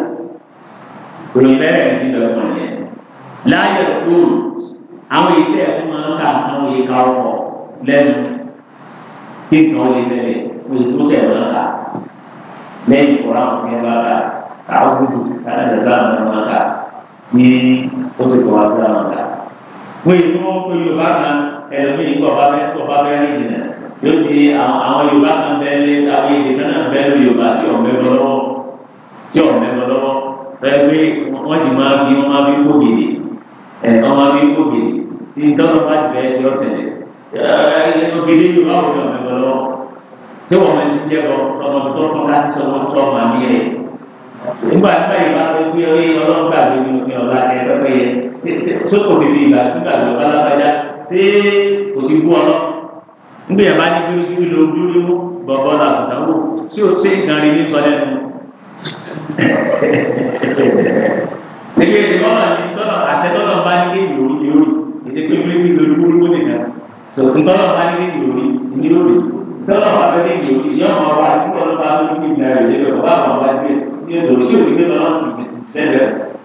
Speaker 1: ìrìnlẹ́rẹ̀ ti dọ̀tọ̀ لا láyọ̀ kúrò àwọn iṣẹ́ ẹ̀kọ́ máa ń kà àwọn ìka ọkọ̀ lẹ́nu kí nǹkan ó lè ṣẹlẹ̀ ó ṣẹ̀ máa kà lẹ́yìn ìkọ́ra àwọn ìyẹn bá kà káwọn gbùdù káwọn ìjọba àwọn máa kà ní oṣù tó wà fún àwọn kà. wọ́n èyí tí wọ́n pè Yorùbá kan ẹlòmíì tó ọba bẹ́ẹ̀ bẹ́ẹ̀ ní ìdìnnà yóò di àwọn yorùbá kan bẹ́ẹ̀ lé àwọn èdè kan náà bẹ́ẹ̀ lé yorùbá tí ọ̀bẹ bọ́ lọ́wọ́ tí ọ̀bẹ bọ́ lọ́wọ́ bẹ́ẹ̀ pé wọ́n ti máa fi wọ́n máa fi kó gèdè ẹ̀ wọ́n máa fi kó gèdè tí dọ́lọ́ bá ti bẹ́ẹ̀ ṣe ọ̀sẹ̀ lẹ̀ gèdè yorùbá ò ní ọ̀bẹ bọ́ lọ́wọ́ tí wọ́n máa ti jẹ́ bọ́ ọmọ tó tọ́ láti sọ wọ́n tọ́ màmí rẹ̀ nígbà tí báyìí bá tó gbé orí ọlọ́gbà lórí omi ọ̀la ẹ̀ pẹ́pẹ́ yẹ tó kò ti fi ìgbà nígbà yàrá ní bírísí ló bírí mú bọ̀bọ̀ làbùdáwò tí o ṣe ìdarí ní sọ lẹ́nu. Ẹgbẹ́ ìdìbọ́nà ní tọ́lọ̀ àtẹ́tọ́lọ̀ bá ní kéde òrí ní òrí èdè pé bírísí ló bírí mú nìkan. Sọ̀tún tọ́lọ̀ bá ní kéde òrí ní òrí tọ́lọ̀ bá fẹ́ kéde òrí yọ ọmọ wa tí tọ́lọ̀ bá ló ní ìgbà rẹ̀ lébẹ̀ bàbá àwọn ọba gbé ní ètò tí o ti gbé lọ́wọ́ ti tẹ̀lẹ̀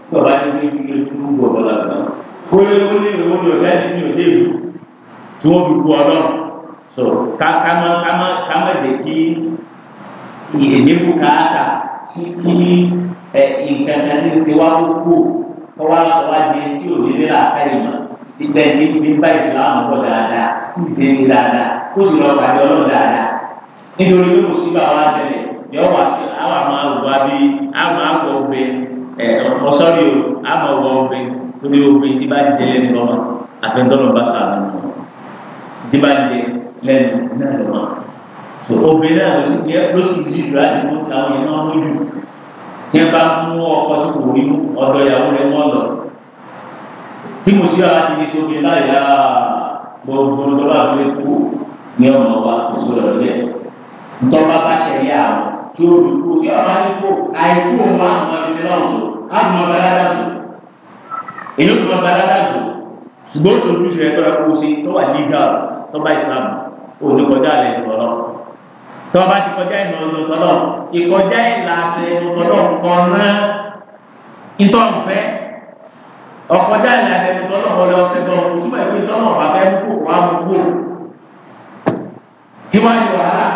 Speaker 1: tó bá ní bírísí ló bírí mú bọ̀bọ̀ làbùdáwò. Kólé kólé ìròyìn ọ̀gá so kama kama kama de kí ìdínkù káàkà sí kí ẹ nǹkan kan ní ṣe wá kókó kọ́ wá sọ wá di tí ò ní ní làákàyè mọ́ ìgbà yìí ní bá ìsìlámù bọ̀ dáadáa kí ìṣe ní dáadáa kó sì lọ pàdé ọlọ́run dáadáa nítorí pé kò síbà wá ṣẹlẹ̀ yọ wà sí àwọn àmọ́ àwòrán bí àmọ́ àwọ̀ ọ̀gbẹ ẹ̀ ọ̀sọ́rí o àmọ́ ọ̀wọ̀ ọ̀gbẹ torí ọ̀gbẹ tí bá jẹ lẹ́nu lọ́mọ àfẹ́ńtọ́nà bá sàánú tí bá jẹ lẹ́nu náà lọ so obìnrin náà ló sì jẹ ló sì jí ìlú láti mú àwọn yẹn náà mójú tí wọn bá mú ọkọ tí kò rí mú ọ̀dọ̀ ìyàwó rẹ̀ wọn lọ tí mo sì ara ti di sóbi láyà gbogbo lọ́wọ́ àgbẹ̀ kú ní ọmọ wa kò sí ọ̀rọ̀ yẹ ntọ́ba bá ṣẹlẹ̀ àwọn tí o dùn kú kí ọba ti kú àìkú òun máa ń mọ ibi sí náà tó á mọ ọba dáadáa tó èyí ó tún ọba dáadáa tó ṣùgbọ́n tó dùn sí ẹgbẹ́ ọkọ̀ sí tó wà nígbà tó bá ìsìlámù olùkọjá lè tọ̀lọ̀ tó o bá ti kọjá ìlú ọdún tọ̀lọ̀ ìkọjá ìlà àtẹnu tọ̀lọ̀ kọ̀ọ̀rán ìtọ̀nfẹ́ ọ̀kọjá ìlà àtẹnu tọ̀lọ̀ wọlé ọ̀sẹ̀ tó o túbọ̀ ìpín tọ̀lọ̀ àbẹ́ kó wàá mú kó kí wọ́n yọ ara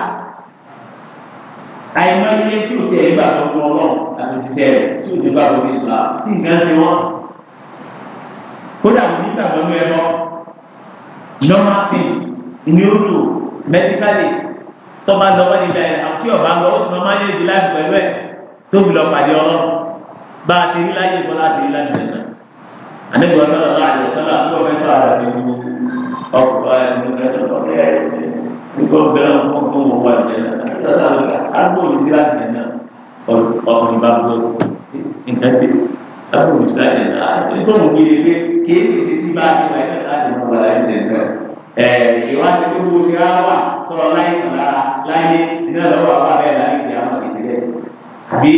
Speaker 1: àyìnbá ilé tí o tẹ̀ nígbà tó ń lọ àti òṣìṣẹ́ rẹ̀ tí o nígbà tó ń sọ tí nǹkan ti wọ́n kódà nígbà tó ń lọ ẹ̀ normal thing ni ó lò mẹtikali tọba lọ́wọ́ nígbà yẹn àti ọba lọ ó sì máa máa yé ìdílé àti pẹ̀lú ẹ tóbi lọ pàdé Ọlọ́run bá a ti rí láyé ìbọn láti rí láti rẹ anabi wa sọlá náà àyè sọlá àti wọn fẹsọ àrà ní gbogbo ọkọ ẹ nígbà bẹ̀rẹ̀ wọn kó wọn wà lẹ́yìn náà àtàtà àgbo olùsí láti rẹ náà ọkùnrin bá gbọ́ nǹkan tẹ àgbo olùsí láti rẹ náà àti tó wọn kiri pé kí èsì sí bá a ti wà láti wọn wà láti rẹ náà ìwádìí tó kó sira wà tọrọ láyé sọ̀rọ̀ láyé iná lọ́wọ́ àbá bẹ́ẹ̀ láyé ìdí àwọn àti ìdílé àbí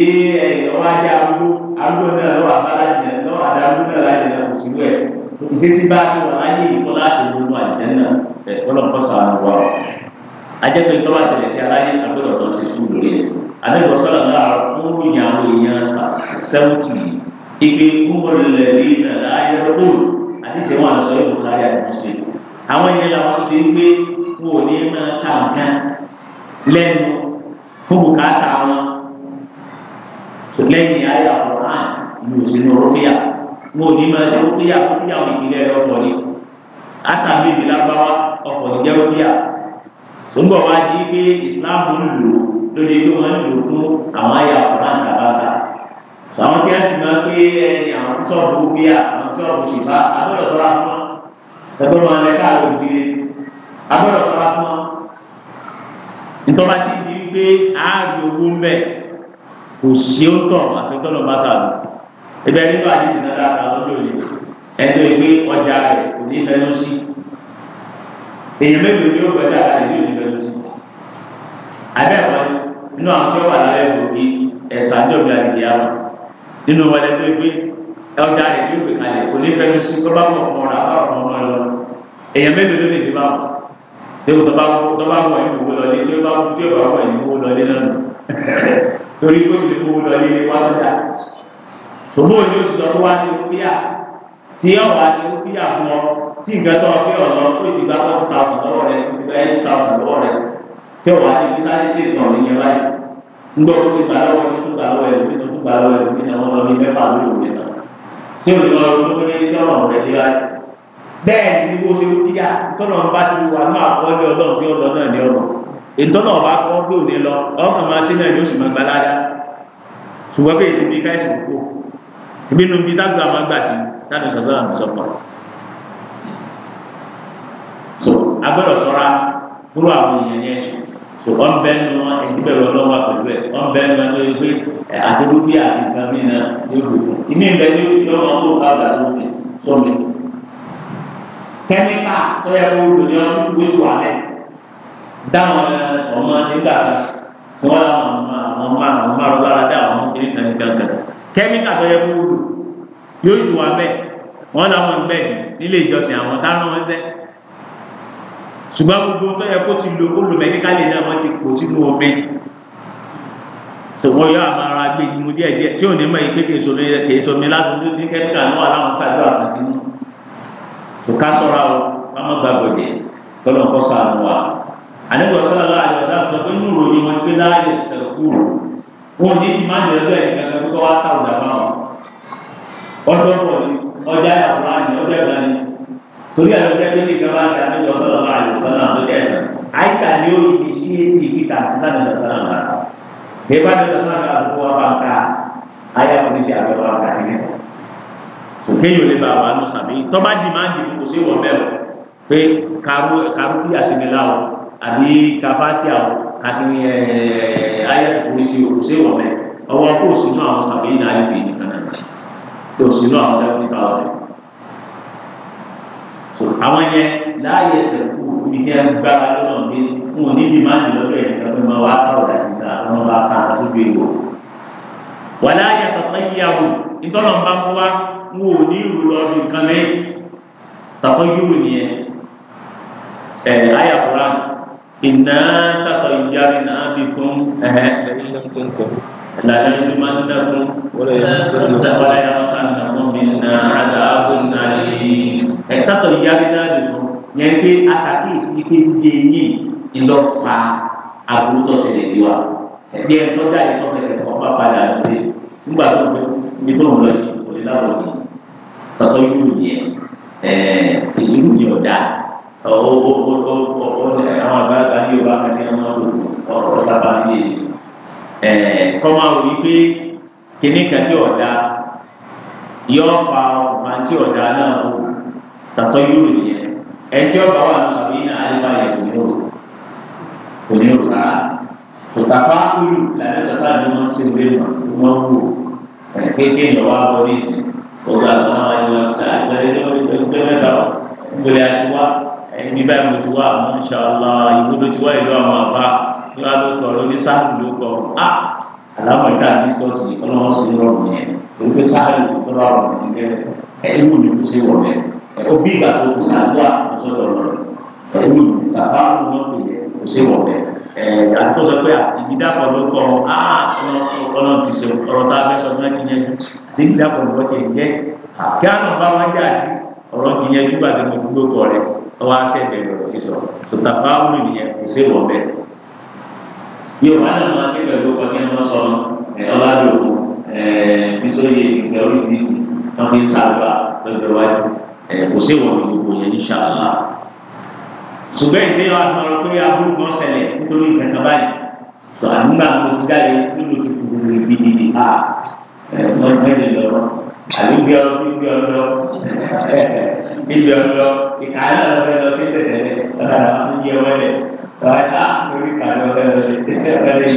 Speaker 1: ìlọ́wọ́ ajé arúgbó arúgbó náà lọ́wọ́ àbá láyé ìdílé lọ́wọ́ àdá arúgbó náà láyé ìdílé kò sí wẹ̀ ìṣesí bá a sọ̀rọ̀ láyé ìkọ́ láti gbogbo àjẹ́ náà ọlọ́kọ́sọ àwọn wa ajẹ́ pé tọ́wọ́ ṣẹlẹ̀ sí aláyé àgbẹ̀rọ̀ tó ṣe sùn lórí ẹ̀ àdébọ̀ sọ́lá náà ń ròyìn àwọn èèyàn àwọn ìyẹn làwọn tó ṣe ń gbé wò ní máa ta nǹkan lẹ́nu fún bùkátà wọn lẹ́yìn ayé àkùrán ní òsínú rúkìá wọn ò ní máa ṣe rúkìá rúkìá wọn ìpínlẹ̀ ọkọ̀ ni átàbí ìdílágbáwá ọkọ̀ ní jẹ́ rúkìá sọ́ńgbọ̀ wá di pé Islam ń lò lórí pé wọ́n ń lò fún àwọn ayé àkùrán kàbàkà àwọn tí a sì máa pé ẹni àwọn tí rúkìá àwọn tí sọ̀rọ̀ òṣìbá àbúrò fún wọn ẹgbẹ́ wọn lẹ káàró òdìrẹ agbọ́dọ̀ fara fún ọ nítorí àti ibi gbé ààrùn owó ń bẹ̀ kò sí ó tọ̀ àfẹ́tọ́ lọ́ba sàlù ẹgbẹ́ nínú àdéhùn náà dáadáa lọ́dọ̀ yìí ẹgbẹ́ ìwé ọjà rẹ̀ kò ní fẹ́ lọ sí èèyàn mélòó ni ó gbẹ́dà àdéhùn yóò ní fẹ́ lọ sí abẹ́ẹ̀kọ́ nínú àwọn tí wọ́n wà lálẹ́ ìwòye ẹ̀sán jọ̀gbìn àdìyà wọn nínú wọn ẹgbẹ́ ìwé ọjà rẹ̀ tí ó gbé kalẹ̀ kò ní fẹ́ẹ́ sí tó bá mọ̀ ọmọ rẹ̀ àbá ọmọ ọmọ lọ. èèyàn mélòó ló lè ti bá wọn tẹ́wọ́ tó bá wọ̀ ní ìwò lọlé tí ó bá wọ̀ tí ó bá wọ̀ ní ìwò lọlé lọ́nà torí kó sì lè kó lọlé wá sọ́jà. ṣùgbọ́n òní ti sọ pé wá sí rúbíà tí ọ̀wá sí rúbíà fún ọ tí nǹkan tó ọ̀fẹ́ ọ̀nà tó ti gba four lọ́wọ́ rẹ ti gba eight lọ́wọ́ rẹ tí ọ̀wá sí kí sáré sí ìtàn níyẹn báyìí. ń gbọ́ kó sì gbà lọ́wọ́ tó tún gbà lọ́wọ́ ẹ̀ tí o lọ rọ pé tí ọ̀rọ̀ rẹ̀ lé wáyé bẹ́ẹ̀ ni wo ṣe wọ́n dígà tọ́nà bá ti wà ní àkọọ́lẹ̀ ọlọ́run bí ọlọ́ náà ní ọ̀rọ̀ ìtọ́nà ọba kọ́ bí òní lọ ọkàn máa ṣe náà ní oṣù máa gbalára ṣùgbọ́n bí èsì bíi káìsì òkú ìbí nu bíi tágbà máa gbà sí sáni sọ̀sọ́ àti sọ̀pọ̀ so agbọ́dọ̀ ṣọ́ra àwọn èèyàn yẹn so wọn bẹ nu wọn ẹni bẹ̀rẹ̀ ọlọ́wọ́ pẹ̀lú ẹ wọn bẹ nu wọn lórí pé àtẹnudí àti nǹkan mi náà yóò lò fún ìmí ìbẹ ní oṣù ọmọ tó ká gbà tó mi sọ mi. kẹ́míkà tó yẹ kó lò ní ọdún oṣù alẹ́ dáwọn ọmọ sígá tí wọ́n lọ àwọn ọmọ àwọn ọmọ àwọn ọmọ dá àwọn ọmọ kiri kan kankan kẹ́míkà tó yẹ kó lò yóò ṣù wà bẹ́ẹ̀ wọ́n làwọn bẹ́ẹ̀ nílé ìjọsìn àwọn táwọn ń sẹ́ ṣùgbọ́n gbogbo tó yẹ kó ti lo olùmẹ́díkálì náà wọ́n ti pò sínú omi sọ̀wọ́n yọ àmọ́ ara gbé ìmú díẹ̀ díẹ̀ tí ò ní mọ̀ ìpé kìí sọmi kìí sọmi láti ojú ní kẹ́kẹ́ náà aláwọn ṣáájú àmọ́ sínú tó ká sọ́ra o ká mọ́ gbàgbọ́ jẹ tọ́lọ́ kọ́ sànù wa. àníwọ̀ sọ́la láàyè ọ̀sán àti ọ̀sán inú ìròyìn wọn pé láàyè sẹ̀kúrò wọn ní ìmáàlì ọjọ́ ẹ̀ nìkan tó wá táwọn ọjà torí àwọn ọjọ́ tó ní ìjọba ṣe àdéjọ sọ̀rọ̀ náà àyùsọ̀ náà ló jẹ́ ẹ̀sán àìsàn ni ó yí sí etí peter àtúntàn ìjọba náà náà bébà ní ìjọba náà àbúkọ wa bá ń ta ayé àpòlíṣẹ́ àbẹ̀wò àkàtì ní ọ̀ òkè yóò lè bá wa lọ sàmì tọ́ba jì máa ń jì kò sí wọ̀ bẹ́ẹ̀ pé kàrú kàrú kí àṣemílá o àbí kàfáàtìà o àti ayé àpòlíṣẹ́ kò sí wọ̀ bẹ́ẹ̀ ọwọ́ kò sínú àwọn sàmì náà ayé àwọn yẹn láàyè ẹsẹ̀ kú ní kí ẹ gbára lọ́nà bí fún òní bí máa ń lè lọ́dọ̀ ẹ̀ kí wọ́n wá ká ọ̀dà sí ta wọ́n bá ká ọ̀dà sójú ìwọ̀. wà láàyè àtọ̀tọ̀ yíyàwó ìtọ́nà bá mú wá ń wò ní ìlú lọ́ọ̀dù nǹkan mẹ́rin tàkọ́ yóò nìyẹn ẹ̀ ayà kúrà ìná tàkọ́ ìyá bí fún ẹ̀hẹ́ làlẹ́ máa ń dẹ́kun wọ́n lè yẹ ẹ̀tàtọ̀ ìyáàdínlá dùnú yẹn pé aṣàkíyèsí ní pé dídé yìí ńlọ́pa aburú tó ṣẹlẹ̀ sí wa ẹ̀dí ẹ̀ tó dáa ìtọ́ fẹsẹ̀ kọ́ bá padà lóde nígbà tó ń bí tó ń lọ yìí kò lè láwọ̀ yìí tọ́tọ́ yóò yẹ ẹ̀ ìlú yìí ọ̀dà àwọn àgbàlagbà ní Yorùbá àti àwọn ọmọ ọ̀rọ̀ sábà ń yé ẹ̀ kọ́ máa wò wípé kìnnìkan tí ọ̀dà yọ ọ̀pá ọ̀pá tí ọ̀dà náà wò tàtọ́ yóò lè yẹ ẹjẹ́ ọba wà lọ sàbí náà àyíká yẹ kò ní o kò ní o rà á kò tàfà kúlù làbẹ́ tọ́sà ni wọ́n ṣe wọlé mọ̀ wọ́n wò kéèké ìyọ̀wá bọ́ ní ìsìn ọgbà sọ́nà wà ní wọn ta ìgbàlódé mẹ́ta ọ̀ ìgbàlódé àti wá ẹni báyìí mo ti wá àwọn ìṣàlá ìwúlò ti wá ìlú àwọn àbá ní wàá ló kọ̀ lórí sáàlù ló kọ̀ á àlámọ̀ ìta àdìsọ́sì ọlọ́wọ́sì rọrùn yẹn lórí pé sáàlù rọrùn yẹn ẹ̀ẹ́dẹ́gbùn ló kù sí wọ̀nyẹn òbí ìgbà tó kù sàdúrà lọ́sọ̀dọ̀ lọ ẹ̀mí bàbá àwọn ọmọ pè é kò sí wọ̀ bẹ́ẹ̀ ẹ̀ àtúntò sọ pé ìdídàpọ̀ ló kọ́ á ọlọ́ ti ṣe ọ̀rọ̀ tá a fẹ́ sọ fún ẹ ti yẹn sí ìdídàpọ̀ ló ti yẹ kí á nà bá wọn já sí ọ̀rọ̀ ti yẹn nígbà tó gbogbo kọ rẹ ọwọ́ aṣẹ bẹ̀rẹ̀ lọ sí sọ tòtàfà àwọn ènìyàn kò sí wọ̀ bẹ́ẹ̀ Eh, kò sí wọn gbogbo yẹn ní sàlá ṣùgbọ́n ìdílé wa sọ̀rọ̀ pé aburú kan ṣẹlẹ̀ nítorí ìfẹ̀kàn báyìí tó àdúgbò àwọn ti jáde nínú ti kú gbogbo ibi dìde a wọ́n eh, gbẹ́lẹ̀ lọ́rọ́ àbí gbé ọ bí gbé ọ lọ gbé ọ lọ ìka náà lọ fẹ́ lọ sí tẹ̀tẹ̀lẹ̀ ọ̀rọ̀ àwọn tó yẹ wọlé ọ̀rọ̀ ká lórí ìka lọ fẹ́ lọ sí tẹ̀tẹ̀lẹ̀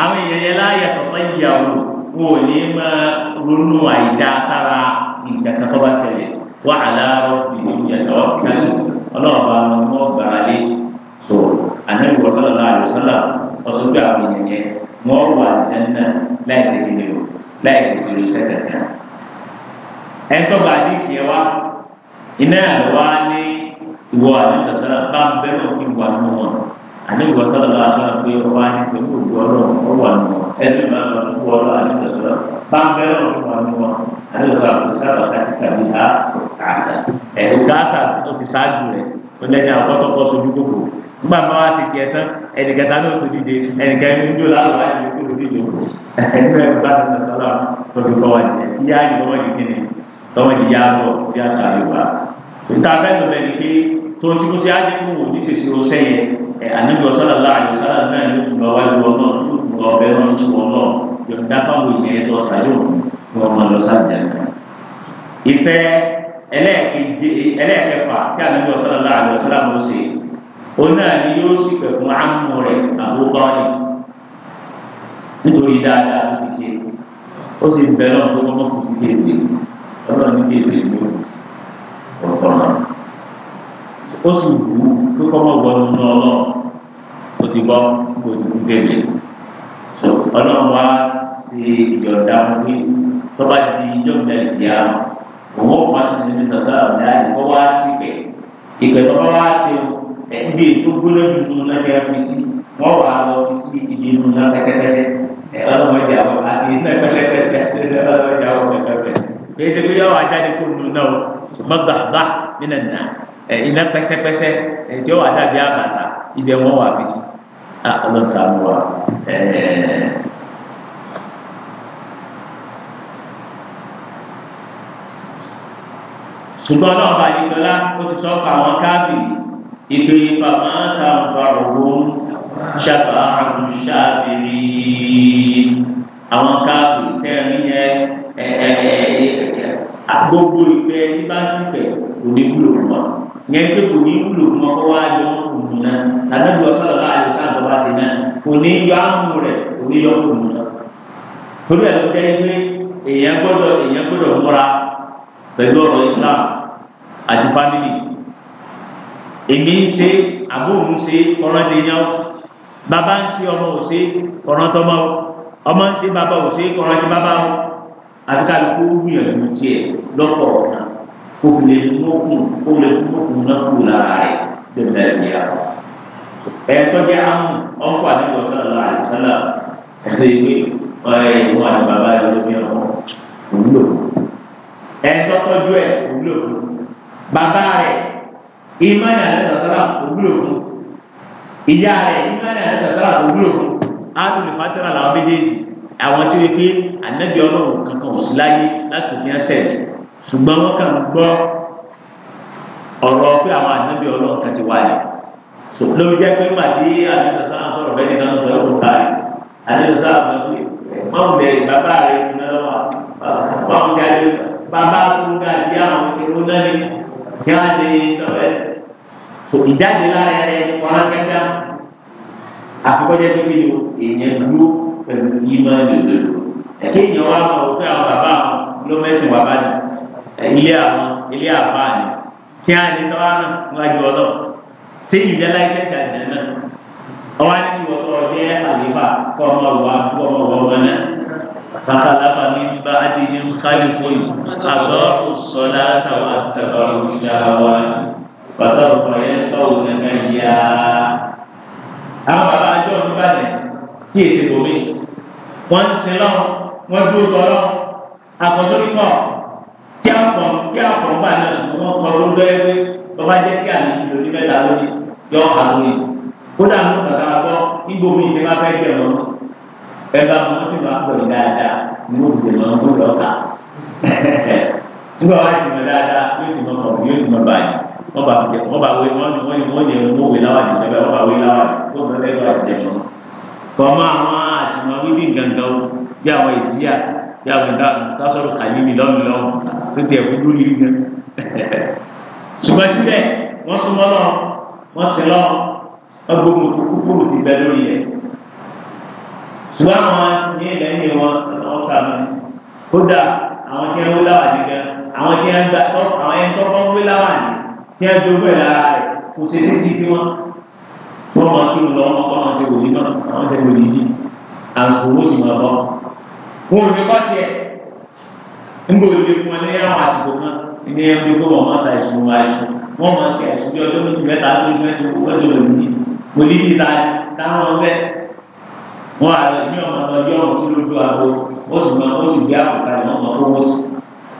Speaker 1: àwọn èèyàn yẹn láàyè àtọ̀tọ̀ kó o ní máa ronú àìdá sára nǹkan kan tó bá ṣẹlẹ̀ wà á láàárọ̀ ìlú yẹtọ̀ kálí ọlọ́ọ̀bá wọn wọ́n gbà á lé so ànábì wọ́n sọ̀rọ̀ láàrú sọ́là ọ̀sùn gbà àwọn èèyàn yẹn wọ́n wà jẹ́nà láì ṣe kíni o láì ṣe ìṣòro iṣẹ́ kankan. ẹ tó bá a ti ṣe wa iná ẹ̀ wá ní ìwọ àdúgbò sọ́là bá ń bẹ́rù òfin wà wọn àníbi wọ́n sọ̀rọ̀ lọ́wọ́ aṣọ pé ọba ní pẹ̀lú òkú ọlọ́ ọwọ́ àná ẹni máa lọ fún ọlọ́ àníbi sọ̀rọ̀ bá ń bẹ́ẹ̀ lọ fún ọmọ wọn àníbi sọ̀rọ̀ àti sábà káàkiri tàbí ha àdá ẹ̀rù gáàsà tó ti ṣáájú rẹ̀ tó lẹ́yìn àkọ́tọ́kọ́ sojú gbogbo nígbà máa wá ṣe tiẹ̀ tán ẹnìkẹta náà tó dìde ẹnìkẹta ní ojú làwọn àyè tó lò dìde òkú ẹgbẹ́ bá ti sọ̀rọ̀ tó lọ tó ti kó sí ànábi ọ̀sán àlá àyọ̀sán àlá náà yóò fún ọwọ́ ìwọ náà yóò fún ọbẹ̀ náà ń sùn ọ̀nà yọ̀ǹda fáwọn èèyàn ẹ̀dọ́ ọ̀sà yóò fún ọmọ lọ sáàjà náà. ìfẹ́ ẹlẹ́ẹ̀kẹfà tí ànábi ọ̀sán àlá àyọ̀sán àlá ṣe òun náà ni yóò sì pẹ̀ fún àmú rẹ̀ àbúkọ́ ni nítorí dáadáa ló ti ṣe ó sì bẹ̀rẹ̀ ọ̀dọ́ ọmọkùnrin kéde ọlọ́run kéde ìlú ọ̀tọ̀ náà ó sì wù ú pé kọ́mọ wọnú ní ọlọ́run ó ti bọ́ kó ti kú délé so ọlọ́run wá ṣe ìjọ̀dá pé tọ́ba di ìjọba ìdíyà òun ó wá sí ẹni sọ̀tọ́ àbúrò àti kọ́ wá sí pẹ̀ ìpè tọ́ba wá sí o ẹ̀ẹ́dì tó gbóló dùnú lọ́jọ́ fi sí wọ́n wà lọ fi sí ìdí inú náà pẹ́sẹ́pẹ́sẹ́ ọlọ́run ẹ̀jẹ̀ àwọn àti iná pẹ́sẹ́pẹ́sẹ́ ọlọ́run ẹ̀jẹ̀ àwọn pẹ́sẹ́pẹ́sẹ́ kì í ṣe pé yọ Eh, iná pẹ́sẹ́pẹ́sẹ́ eh, tí ó wà dàbí àbàtà ibẹ̀ wọ́n wà fi sí ah, ọlọ́sàánú wa. Eh, ṣùgbọ́n náà balẹ̀gbọ́lá ó ti sọ pa àwọn káàbì ìpè ìfàmà ta ọ̀gbọ̀n ṣàbà àrùn ṣáàbìrì àwọn káàbì kẹrin yẹn ah, gbogbo ìpè ní bá sì pẹ̀ òní kúlò fún wa yẹn pé kò ní wúlò fún ọkọ wá jọ òmù náà lànàbí ọsọlọ bá àlè sáà tó bá sí náà kò ní yọ àmú rẹ kò ní yọ òmù náà torí ẹ̀ ló jẹ́ pé èèyàn gbọ́dọ̀ èèyàn gbọ́dọ̀ múra pẹ̀lú ọ̀rọ̀ Islam àti family èmi ń ṣe àbúrò ń ṣe ọ̀rọ̀ ti yan bàbá ń ṣe ọmọ ò ṣe ọ̀rọ̀ tọmọ ọmọ ń ṣe bàbá ò ṣe ọ̀rọ̀ ti bàbá àbíkálukú gbìyànjú tiẹ̀ lọ́pọ̀ ọ̀nà kó lè mókun kó lè mókun náà kú lára rẹ̀ dèbè ìyá wa. ẹ̀ẹ́dọ́jà ahùn ọkọ̀ àdìgbò sọ̀rọ̀ àdìsọ́lá ẹ̀sẹ̀ ìwé ọ̀rẹ́ ìwọ àti bàbá rẹ̀ ló bí ọmọ òwúlò. ẹ̀ẹ́dọ́tọ́jú ẹ̀ òwúlò fún bàbá rẹ̀ ìmọ̀nà àdìsọ́lá òwúlò fún ìyá rẹ̀ ìmọ̀nà àdìsọ́lá òwúlò fún áàtùlù fàtẹ́rà làwọn méjèèjì àwọn tí wọ́n pé ànábì ọlọ́run kankan ò sí láyé láti ti sẹ́yìn ṣùgbọ́n wọ́n kàn gbọ́ ọ̀rọ̀ pé àwọn ànábì ọlọ́run kan ti wáyé lórí jẹ́ pé nígbà tí àdéhùn sáà sọ̀rọ̀ bẹ́ẹ̀ nìkan sọ̀rọ̀ kò kárí àdéhùn sáà sọ pé wọ́n bẹ bàbá rẹ̀ ní lọ́wọ́ wọ́n ga ní bàbá tó ga di àwọn irun náà ní kí wọ́n ti lọ́wọ́ ìjáde lára ẹ̀ wọ́n kẹ́kẹ́ àfikọ́jẹ́ tó bí o èèyàn dúró pẹ̀lú ìmọ̀ ìdòdò ẹ̀kẹ́ ìyẹn wà mọ̀ pé àwọn bàbá ló mẹ́sìn wà bá ní ilé àwọn ilé àbá ni kí á di tọ́wá náà níwájú ọlọ́ tí ìjẹ́ láìpẹ́ ìjà ìjẹ́ náà ọwọ́ á ti wọ́tọ́ ọdẹ àlébà kọ́ ọmọ ọ̀wá kọ́ ọmọ ọ̀wá wọn náà kàkà lábà mi bá a ti ní káyọ̀ fóyì àbọ̀ sọlá tàwa tàwa ìjà wa pàtó ọ̀pọ̀ yẹn tọ́wọ́ nẹ́ka yá. àwọn àjọ mi kí èsì bòmí wọ́n ń sin lọ́wọ́ wọ́n dúró tọ́ lọ́wọ́ àkọ́sórí náà tí a kọ̀ tí a kọ̀ gbà náà wọ́n kọ́ ló bẹ́ẹ̀ pé bàbá jẹ́ sí àná ìlú ní mẹ́ta lónìí yọ ọ̀hà lónìí kódà mú kàkà gbọ́ igbó mi ti máa fẹ́ jẹ̀ lọ́nà ẹ bá mú sí máa pọ̀ dáadáa ní òkè lọ́nà tó lọ́ kà tí wọ́n wá ti mọ̀ dáadáa yóò ti mọ̀ kọ̀ yóò ti mọ̀ báyìí wọ́n bá wé wọ́n bá wé wọ́n ní wọ́n ní wọ́n ní wọ́n wé láwàdì ìjọba wọ́n bá wé láwàdì wọ́n bá lẹ́gbẹ̀ẹ́ láwàdì ìjọba. kọ́mọ àwọn àtìmọ́ wíwí gangan bí àwọn ìsíyà bí àwọn ìdá àtàsọ̀rọ̀ kàyí mi lọ́nù lọ́wọ́ tó tiẹ̀ kú lórí rí gan. ṣùgbọ́n síbẹ̀ wọ́n súnmọ́ lọ wọ́n sì lọ wọ́n gbogbo kókó kókó ti bẹ lórí rẹ̀. ṣùgbọ́n àwọn ní ilẹ̀ ní wọn wọ́n sàmì kódà àwọn tí wọ́n láwà ní gan àwọn tí wọ́n gbà tọ́ àwọn ẹni tó kọ́ ń gbé láwà ní tí wọ́n dojú ẹ̀ lára rẹ̀ máa kí lọ wọn kọ́ ṣe wòlíì náà àwọn ṣe wòlíì yìí àwọn òwò sì máa bọ́. wọn ò ní kọ́ nígbà olè fún ẹni àwọn àsìkò náà ní ẹni pé wọ́n máa ṣàìsùn wọn àìsùn wọ́n máa ṣe àìsùn bí ọjọ́ méjì mẹ́ta tó ní mẹ́tì wọ́n ti lò ní mo ní kíta táwọn ọ̀fẹ́ wọn àlọ́ ní ọmọ ọjọ́ ọmọ tó lójú àgbo ó sì máa ó sì gbé àpòkà ìwọ̀n máa kó wọ́n sí.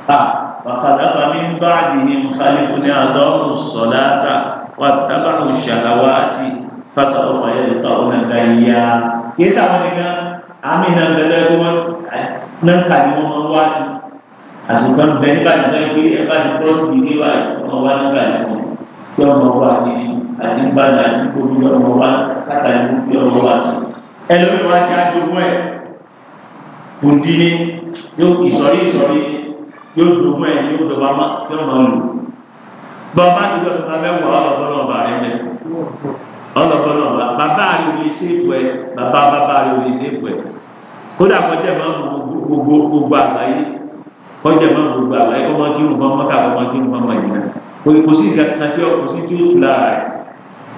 Speaker 1: a bàkàdàbà mi ń bá àdìní nkálífù ní àdọ́rùn sọ̀dáàtà wà àsìkò ń bẹ nígbà tí wọ́n gbé ẹ bá ti kọ́ sí ìdílé wa ọmọ wa nígbà tí wọ́n gbé ọmọ wa ní àti gbàdá àti kóbi ọmọ wa kátàlí kóbi ọmọ wa ẹ lórí wa ti àdógún ẹ kò dín ní yóò ìsọ̀rí ìsọ̀rí yóò dógún ẹ yóò dọ̀bà má tí ọmọ lò bàbá ti dọ̀ bàbá ẹ̀ wọ̀ ọlọ́bọ̀ náà náà bà bàbá rẹ̀ lè ṣe ìpò ẹ̀ bàbá bàbá rẹ̀ lè ṣe ìpò ẹ̀ kódà kọjá ìmọ̀ gbogbo gbogbo àgbáyé kọjá máa ń gbogbo àwọn ẹ̀kọ́ máa ń kírun fún ọmọkà kọ́ máa ń kírun fún ọmọ ìgbà kò sí nǹkan kan tí ọkọ̀ sí tó tù lára rẹ̀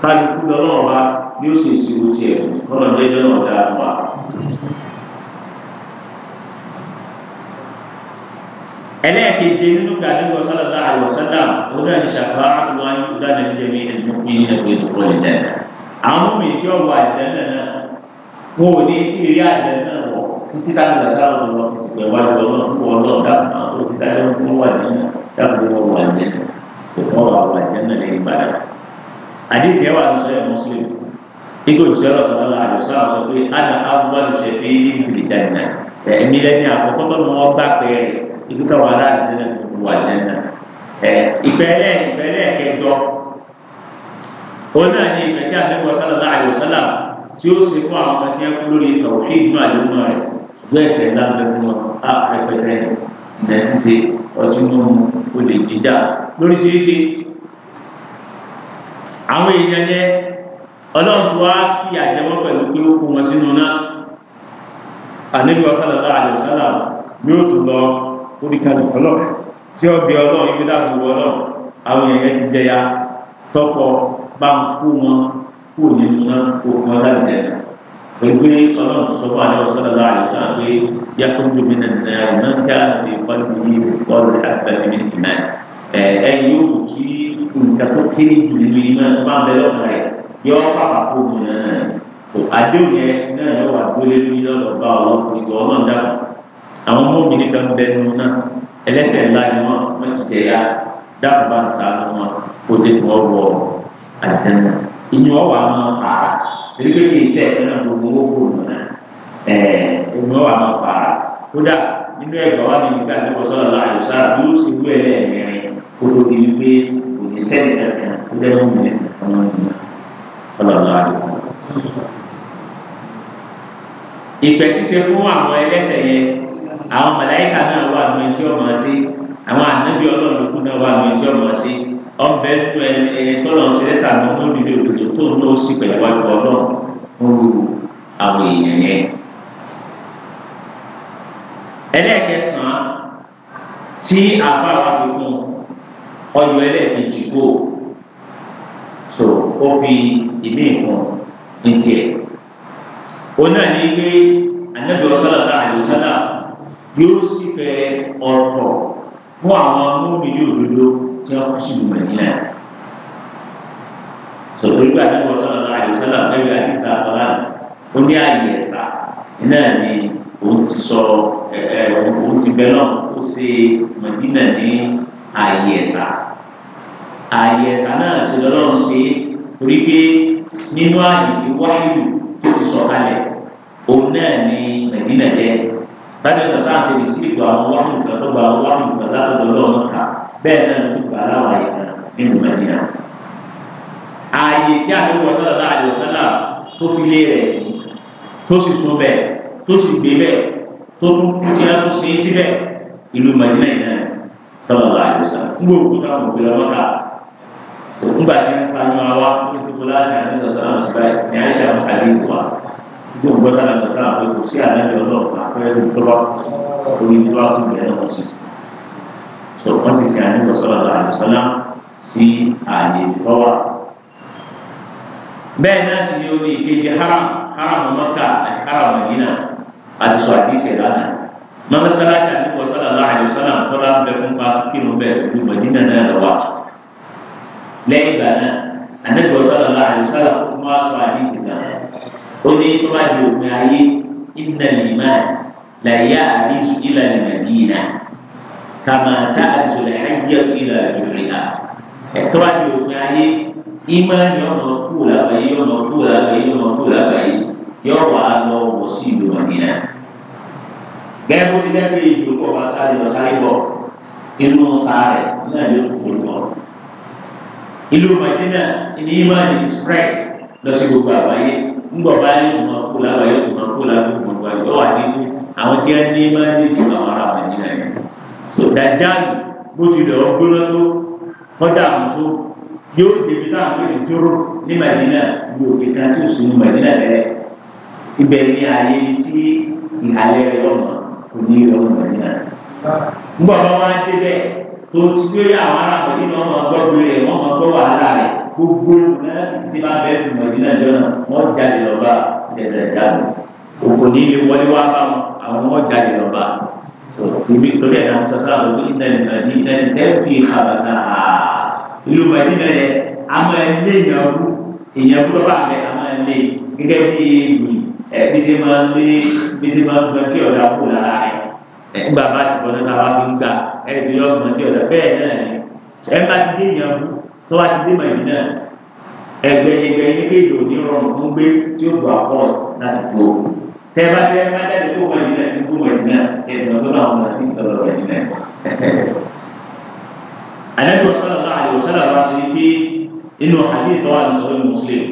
Speaker 1: kálukú lọ́wọ́ wa ni ó sì ìṣirò tiẹ̀ kọ́nà jẹ́jẹ́ náà dáa wà. ẹlẹ́ẹ̀kejì nínú gàdúgbò sálàdá àlùsálà ọdún àdìsàkà àtúwá ní ọdún àdìjẹmí ẹnìmọ́kì nínú ẹgbẹ́ ìdókòwò ìdáná àwọn mìíràn tí ó wà ìdáná náà wọn ní tí ìrí àdáná náà wọ títí táwọn ìgbà sáà wọn lọ sí pé wájú ọlọ́run fún ọlọ́run dáàbò àwọn tó ti dá lóhùn fún wà ní dáàbò wọn wà ní kò tọ́ wà wà ní ẹ̀nà lẹ́yìn ìgbàdà. àdìsí ẹwà ló sọ ẹ mọ́sílẹ̀ ikú òṣìṣẹ́ ọ̀sán lọ́la àdùsá ọ̀sán pé àdà abúgbàdùsẹ̀ fi ìlú ìjànà ẹ̀mí lẹ́ni àkọ́kọ́ tó mọ́ bá pẹ́ ikú wà ni ìpẹ́tí àdébọ̀ sálọ́lá àdùsálà tí ó sì fún àwọn ọmọ tí ṣùgbọ́n ẹ̀ṣẹ̀ ńlá ń bẹ fún wọn á pẹpẹtẹ ìdẹ ṣíṣe ọtí mímu olè jíjà lóríṣiríṣi. àwọn èèyàn yẹn ọlọ́run wá kí àjẹmọ́ pẹ̀lú pé ó kó wọn sínú náà àníbi ọ̀sán àti àjọṣálà yóò tún lọ oríkàlù ọlọ́run tí ó bí ọlọ́run ibi dáàbò ọlọ́run àwọn èèyàn ti jẹ ya tọkọ bá ń kó wọn kó nínú náà kó wọn sáré jẹ náà pẹ̀lú ọlọ́run tó sọ́kọ́ àlẹ́ ọ̀sán lọ́wọ́ àìsàn pé yakundu mi nàná ìmọ̀ká àti ìkọlù yìí ìkọlù àgbàdo mi nìyí náà ẹ yóò kí nǹkan tó kéré jù nínú iná tó bá bẹ lọ́kàn rẹ̀ yọ pàpà kó mu náà tó àdéhùn yẹn náà yọ wà gbólé lórí lọ́dọ̀ bá ọlọ́run ìgbà ọlọ́run dàgbà àwọn ọmọ mi nìkan bẹ nínú náà ẹlẹ́sẹ̀ ńlá ni wọ́n ti tẹ̀ torí pé kì í sẹ́ ẹ̀ náà gbogbo owó kò nù náà ẹ̀ ọmọ wa máa pa ara kódà nínú ẹ̀gbọ́n wa nínú ìgbà tó kọ sọ́dọ̀ láàyò sáà yóò sì wú ẹ̀ lẹ́ẹ̀mẹrin kó tó di wípé kò ní sẹ́ni kankan tó dẹ́ mọ́ mi ọmọ ìgbà sọ́dọ̀ láàyò. ìpè ṣíṣe fún àwọn ẹlẹ́sẹ̀ yẹn àwọn màláíkà náà wà ní ẹjọ́ máa sí àwọn ànábì ọlọ́run kú náà wà ní ẹjọ́ máa sí ọbẹ̀ tó tó ń lọ sí pẹ̀lú wájú ọlọ́run fún àwọn èèyàn yẹn. ẹlẹ́ẹ̀kẹsàn-án tí àbáwá fi kún ọyọ ẹlẹ́ẹ̀kejì kò so ó fi ìmí ìkan ní tiẹ̀. òun náà ní pé ànábì ọ̀sán àti àlùsálà yóò sì fẹ́ ọ̀tọ̀ fún àwọn amúnmíyí òdodo tí wọ́n kú sí ìlú mẹ́rin sọ̀rọ̀ ìgbà tí wọ́n sọ̀rọ̀ náà àdìsọ́lá fẹ́rẹ́ àdìsá sọ́lá ó ní àyè ẹ̀sà iná ni òun ti sọ ẹ̀ òun ti bẹ́ náà ó ṣe mọ̀dínà ní àyè ẹ̀sà àyè ẹ̀sà náà ṣe lọ́lọ́run ṣe torí pé nínú àyè tí wáyù tó ti sọ kalẹ̀ òun náà ni mọ̀dínà jẹ́ bájọ́ sọ sáà ṣe lè sí ìgbà àwọn wáyù kan tó gba àwọn wáyù kan látọ̀dọ̀ lọ́wọ́ kan bẹ́ẹ̀ náà ààyè tí àdúgbò sọlọlá àdìọsọlá tó fi lé rẹ̀ sí tó sì tún bẹ tó sì gbé bẹ tó tún kú tí a tún sí síbẹ̀ ìlú mọdínà yìí náà sọlọlá àdìọsọlá ń gbọ́ òkúta ọmọ òkúta ọlọ́ta nígbà tí ń sanwó àwa nítorí láti àdúgbò sọlá ọsibáyé ní àyíṣà àdé ìwà gbogbo gbọ́dọ̀ àdúgbò sọlá pé kò sí àdájọ ọlọ́pàá àpẹẹrẹ ìtọba orí ìtọba tó bẹ̀rẹ̀ lọ sí sọ wọn sì sí bẹ́ẹ̀ náà sì ni omi ìkejì haram haram mọ́kà àti haram Madina àti sọ àdìsí ẹ̀ lánàá mọ́mọ́sálásí àdìpọ̀ sọ́dà láàrin sọ́dà kọ́lá ń bẹ fún pákínú bẹ́ẹ̀ ìlú Madina náà lọ́wọ́ lẹ́yìn ìgbà náà àdìpọ̀ sọ́dà láàrin sọ́dà kọ́kọ́ wá sọ àdìsí náà ó ní tó bá di òpin ayé ìdílé nìmáà làyà àdìsí ìlànà Madina kàmáta àdìsí ìlànà ìjẹ́ ìlànà ìjọ ìmáàní ọ̀nà kú làbàyí ọ̀nà kú làbàyí ọ̀nà kú làbàyí yọ wà lọ wọ̀ sí ìlú màdínà. bẹ́ẹ̀ bó ti dẹ́gbẹ́ ìlú kọ́ bá sáré lọ sáré bọ̀ inú sáré náà ló kú lọ. ìlú màdínà ní ìmáàní ti spread lọ sí gbogbo àgbáyé ńgbọ̀ báyìí ọ̀nà kú làbàyí ọ̀nà kú làbàyí ọ̀nà kú làbàyí ọ̀wà nínú àwọn tí wọ́n ní ìmáàní ju àwọn ará màdínà yẹn. so dàjáàlì bó ti dọ̀ ọ́ gbóná tó kọ́dà àmútó yóò débi táwọn èèyàn dúró ní Madina ní òkè kan tí ó sì ní Madina rẹ̀ ibẹ̀ ni ààyè tí ìhàlẹ̀ rẹ̀ ọ̀nà kò ní ọ̀nà Madina. Nígbà wọn wá débẹ̀ tó ti gbé àwọn aráàlú nínú ọmọ ọgbọ́dún rẹ̀ wọ́n mọ gbọ́ wàhálà rẹ̀ gbogbo náà ti máa bẹ́ẹ̀ fún Madina jọ́nà wọ́n jáde lọ́ba ìdẹ̀dẹ̀ jáde. Òkò ní ilé wọlé wá bá wọn àwọn wọ́n jáde lọ́ba. Ìbí torí ẹ̀ náà sọ sáà lọ́dún ìlú Mẹdínà yẹ àmọ́ ẹlẹ ìyàwó èèyàn kúrò bá bẹ àmọ́ ẹlẹ gẹ́gẹ́ bí ìlú ẹ bí ṣe máa ń lé bí ṣe máa ń gbọ́n tí ọ̀dà kù lára rẹ ẹgbà bá ti bọ́dọ̀ náà wá fi ń gbà ẹbí ọgbọ̀n tí ọ̀dà bẹ́ẹ̀ náà ni ẹ bá ti dé ìyàwó tó wá ti dé Mẹdínà ẹgbẹ́ ẹgbẹ́ yín kéde òní rọrùn fún gbé tí Ànábì sallallahu alaihi wasallam wá sọ pé inú hadith wa ní sọ̀rọ̀ Muslim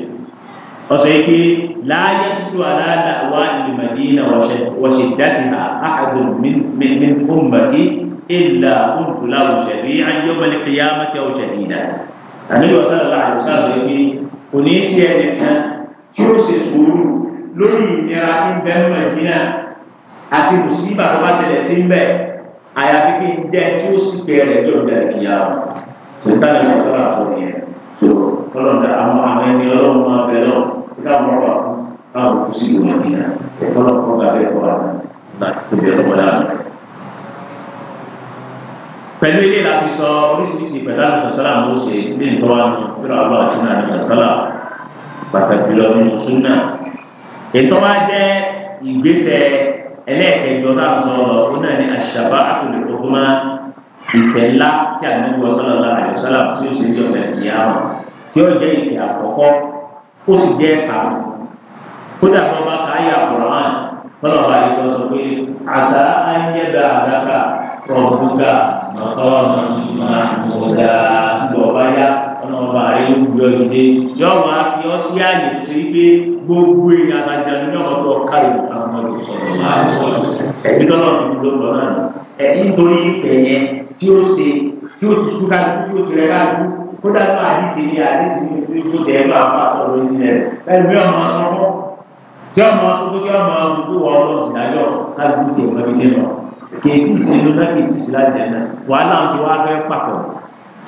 Speaker 1: ó sọ pé la yasidu ala da'wa al-Madina wa shiddatiha ahadun min ummati illa qultu lahu shari'an yawm al-qiyamati aw shadidan. Ànábì sallallahu alaihi wasallam sọ pé kò ní í ṣe ẹnìkan tí àyàfi kí n jẹ́ kí ó sì pé ẹ̀rẹ̀ tó ń bẹ̀rẹ̀ kí á wọn sèǹtàn ní sọ́sọ́rọ́ àtọ́ nìyẹn tó kọ́lọ̀ ní àwọn àwọn ẹni ọlọ́run máa bẹ̀ lọ kí káwọn ọ̀rọ̀ àkú káwọn kú sí ìlú nìyẹn kọ́lọ̀ kọ́ gà bẹ́ẹ̀ kọ́ àwọn láti tó bẹ̀rẹ̀ wọlé àná. pẹ̀lú ilé láti sọ oríṣiríṣi pẹ̀lú àwọn sọ̀sọ́rọ́ àwọn oṣù ní ìtọ́wá nù fúra ọlọ́ àti náà sọ̀sọ́rọ́ pàtàkì lọ nínú súnà ètò wa jẹ́ ìgbésẹ̀ ẹlẹ́ẹ̀kẹjọ náà sọ ọ lọ náà ní àṣàbá àtòlùkọ fún wa ìfẹ́ ńlá tí àdúgbò sọlọ lọ àyọsọlá tí ó ṣe ń jọba ìyá wọn tí ó jẹ ìfẹ́ àkọ́kọ́ ó sì jẹ ẹsà kódà tó bá ká yà kúrọ̀ hàn tọ́lọ̀ bá yẹ kó sọ pé àṣà ayẹyẹdà àdàkà rọ̀bùkà nọ̀tọ́ nọ̀tọ́ nọ̀tọ́ nọ̀tọ́ ọlọ́ọ̀bà rẹ̀ yóò gbé ọ dìde yóò wá fi ọ sí àyè tó yí pé gbogbo èèyàn àgbàjà ní ọmọ tó kárí àwọn ọmọdé sọ̀rọ̀ láàrín ẹ̀bí tọ́lọ̀ ti dúró lọ náà ẹ̀ nítorí ìfẹ́ yẹn tí ó ṣe tí ó ti túká tí ó ti rẹ̀ káàdú kódà tó àdìsí ní àdìsí ní ojú tó tẹ̀ ẹ́ lọ àpá ọ̀rọ̀ ìdílé rẹ̀ ẹ̀mí ọmọ ọmọ ọmọ ọmọ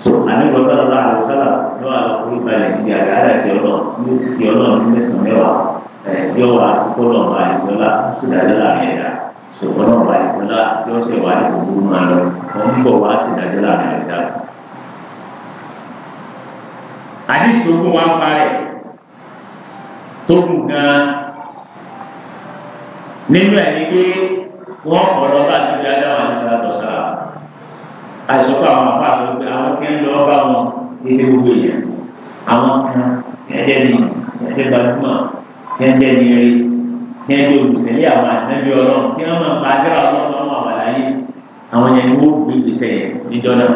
Speaker 1: so àníbọ̀ sọ̀rọ̀ náà àwọn sọ̀rọ̀ ní wàá lọ fún ìbalẹ̀ níbi àdáyà ti ọlọ́ ní ti ọlọ́ ní mẹ́sàn-án mẹ́wàá ẹ̀ yọ wà kó lọ bá ìjọba sídájọ́ láàrin ẹ̀dá so ọlọ́ bá ìjọba yọ ṣe wà ní gbogbo máa lọ wọn ń bọ̀ wá sídájọ́ láàrin ẹ̀dá. àdìsókò wa parẹ̀ tó kù gan-an nínú ẹ̀ ní pé wọ́n kọ̀ lọ́ba àti ìdájọ́ àwọn àti àìsàn fún àwọn àpá àti ọgbẹ àwọn tí ń lọ bá wọn ètò gbogbo èèyàn àwọn kan ẹjẹ ni ẹjẹ gbajúmọ̀ ẹjẹ ni eré ẹjẹ olùtẹ̀lé àwọn àtẹnbí Ọlọ́run kí wọn máa gbàgbé Ọlọ́run lọ́wọ́ àwàláyé àwọn yẹn ni wọn ò gbé gbèsè yẹn níjọ náà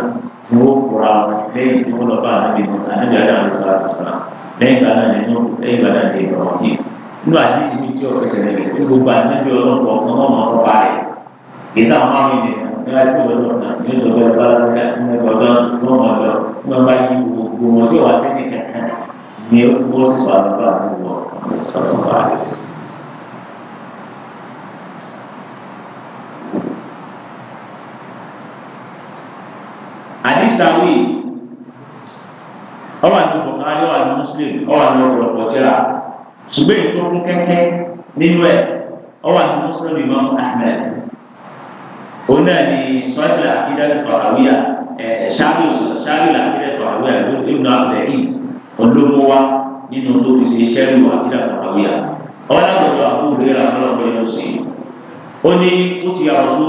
Speaker 1: ni wọn ò kóra wọn lẹ́yìn tí wọn lọ bá àtẹnbí wọn àtẹnbí ni wọn lẹ́yìn ni wọn kì í nínú àdísí mi tí ọ̀rọ̀ ìṣẹ̀lẹ̀ rẹ̀ gbogbo àtẹnbí Ọlọ́run kọ̀ọ̀kan wọn máa kìí sáà máa mi nìyẹn nígbà tí wọ́n lọ náà ní ìjọba ẹ̀ bá lọ́dọ̀ ní ọ̀dọ́ ní ọmọ ọ̀dọ́ ní ọba yìí gbogbo wọn tí wọ́n ti ní kankan ní ó sì sọ àdúrà àdúgbò sọ̀rọ̀ bá rẹ̀. àdìsáwì ọwọ́ àti bọ̀kárí ọwọ́ àti mùsùlùmí ọwọ́ àti ọ̀pọ̀lọpọ̀ tíra ṣùgbọ́n ètò ọdún kẹ́kẹ́ nínú ẹ̀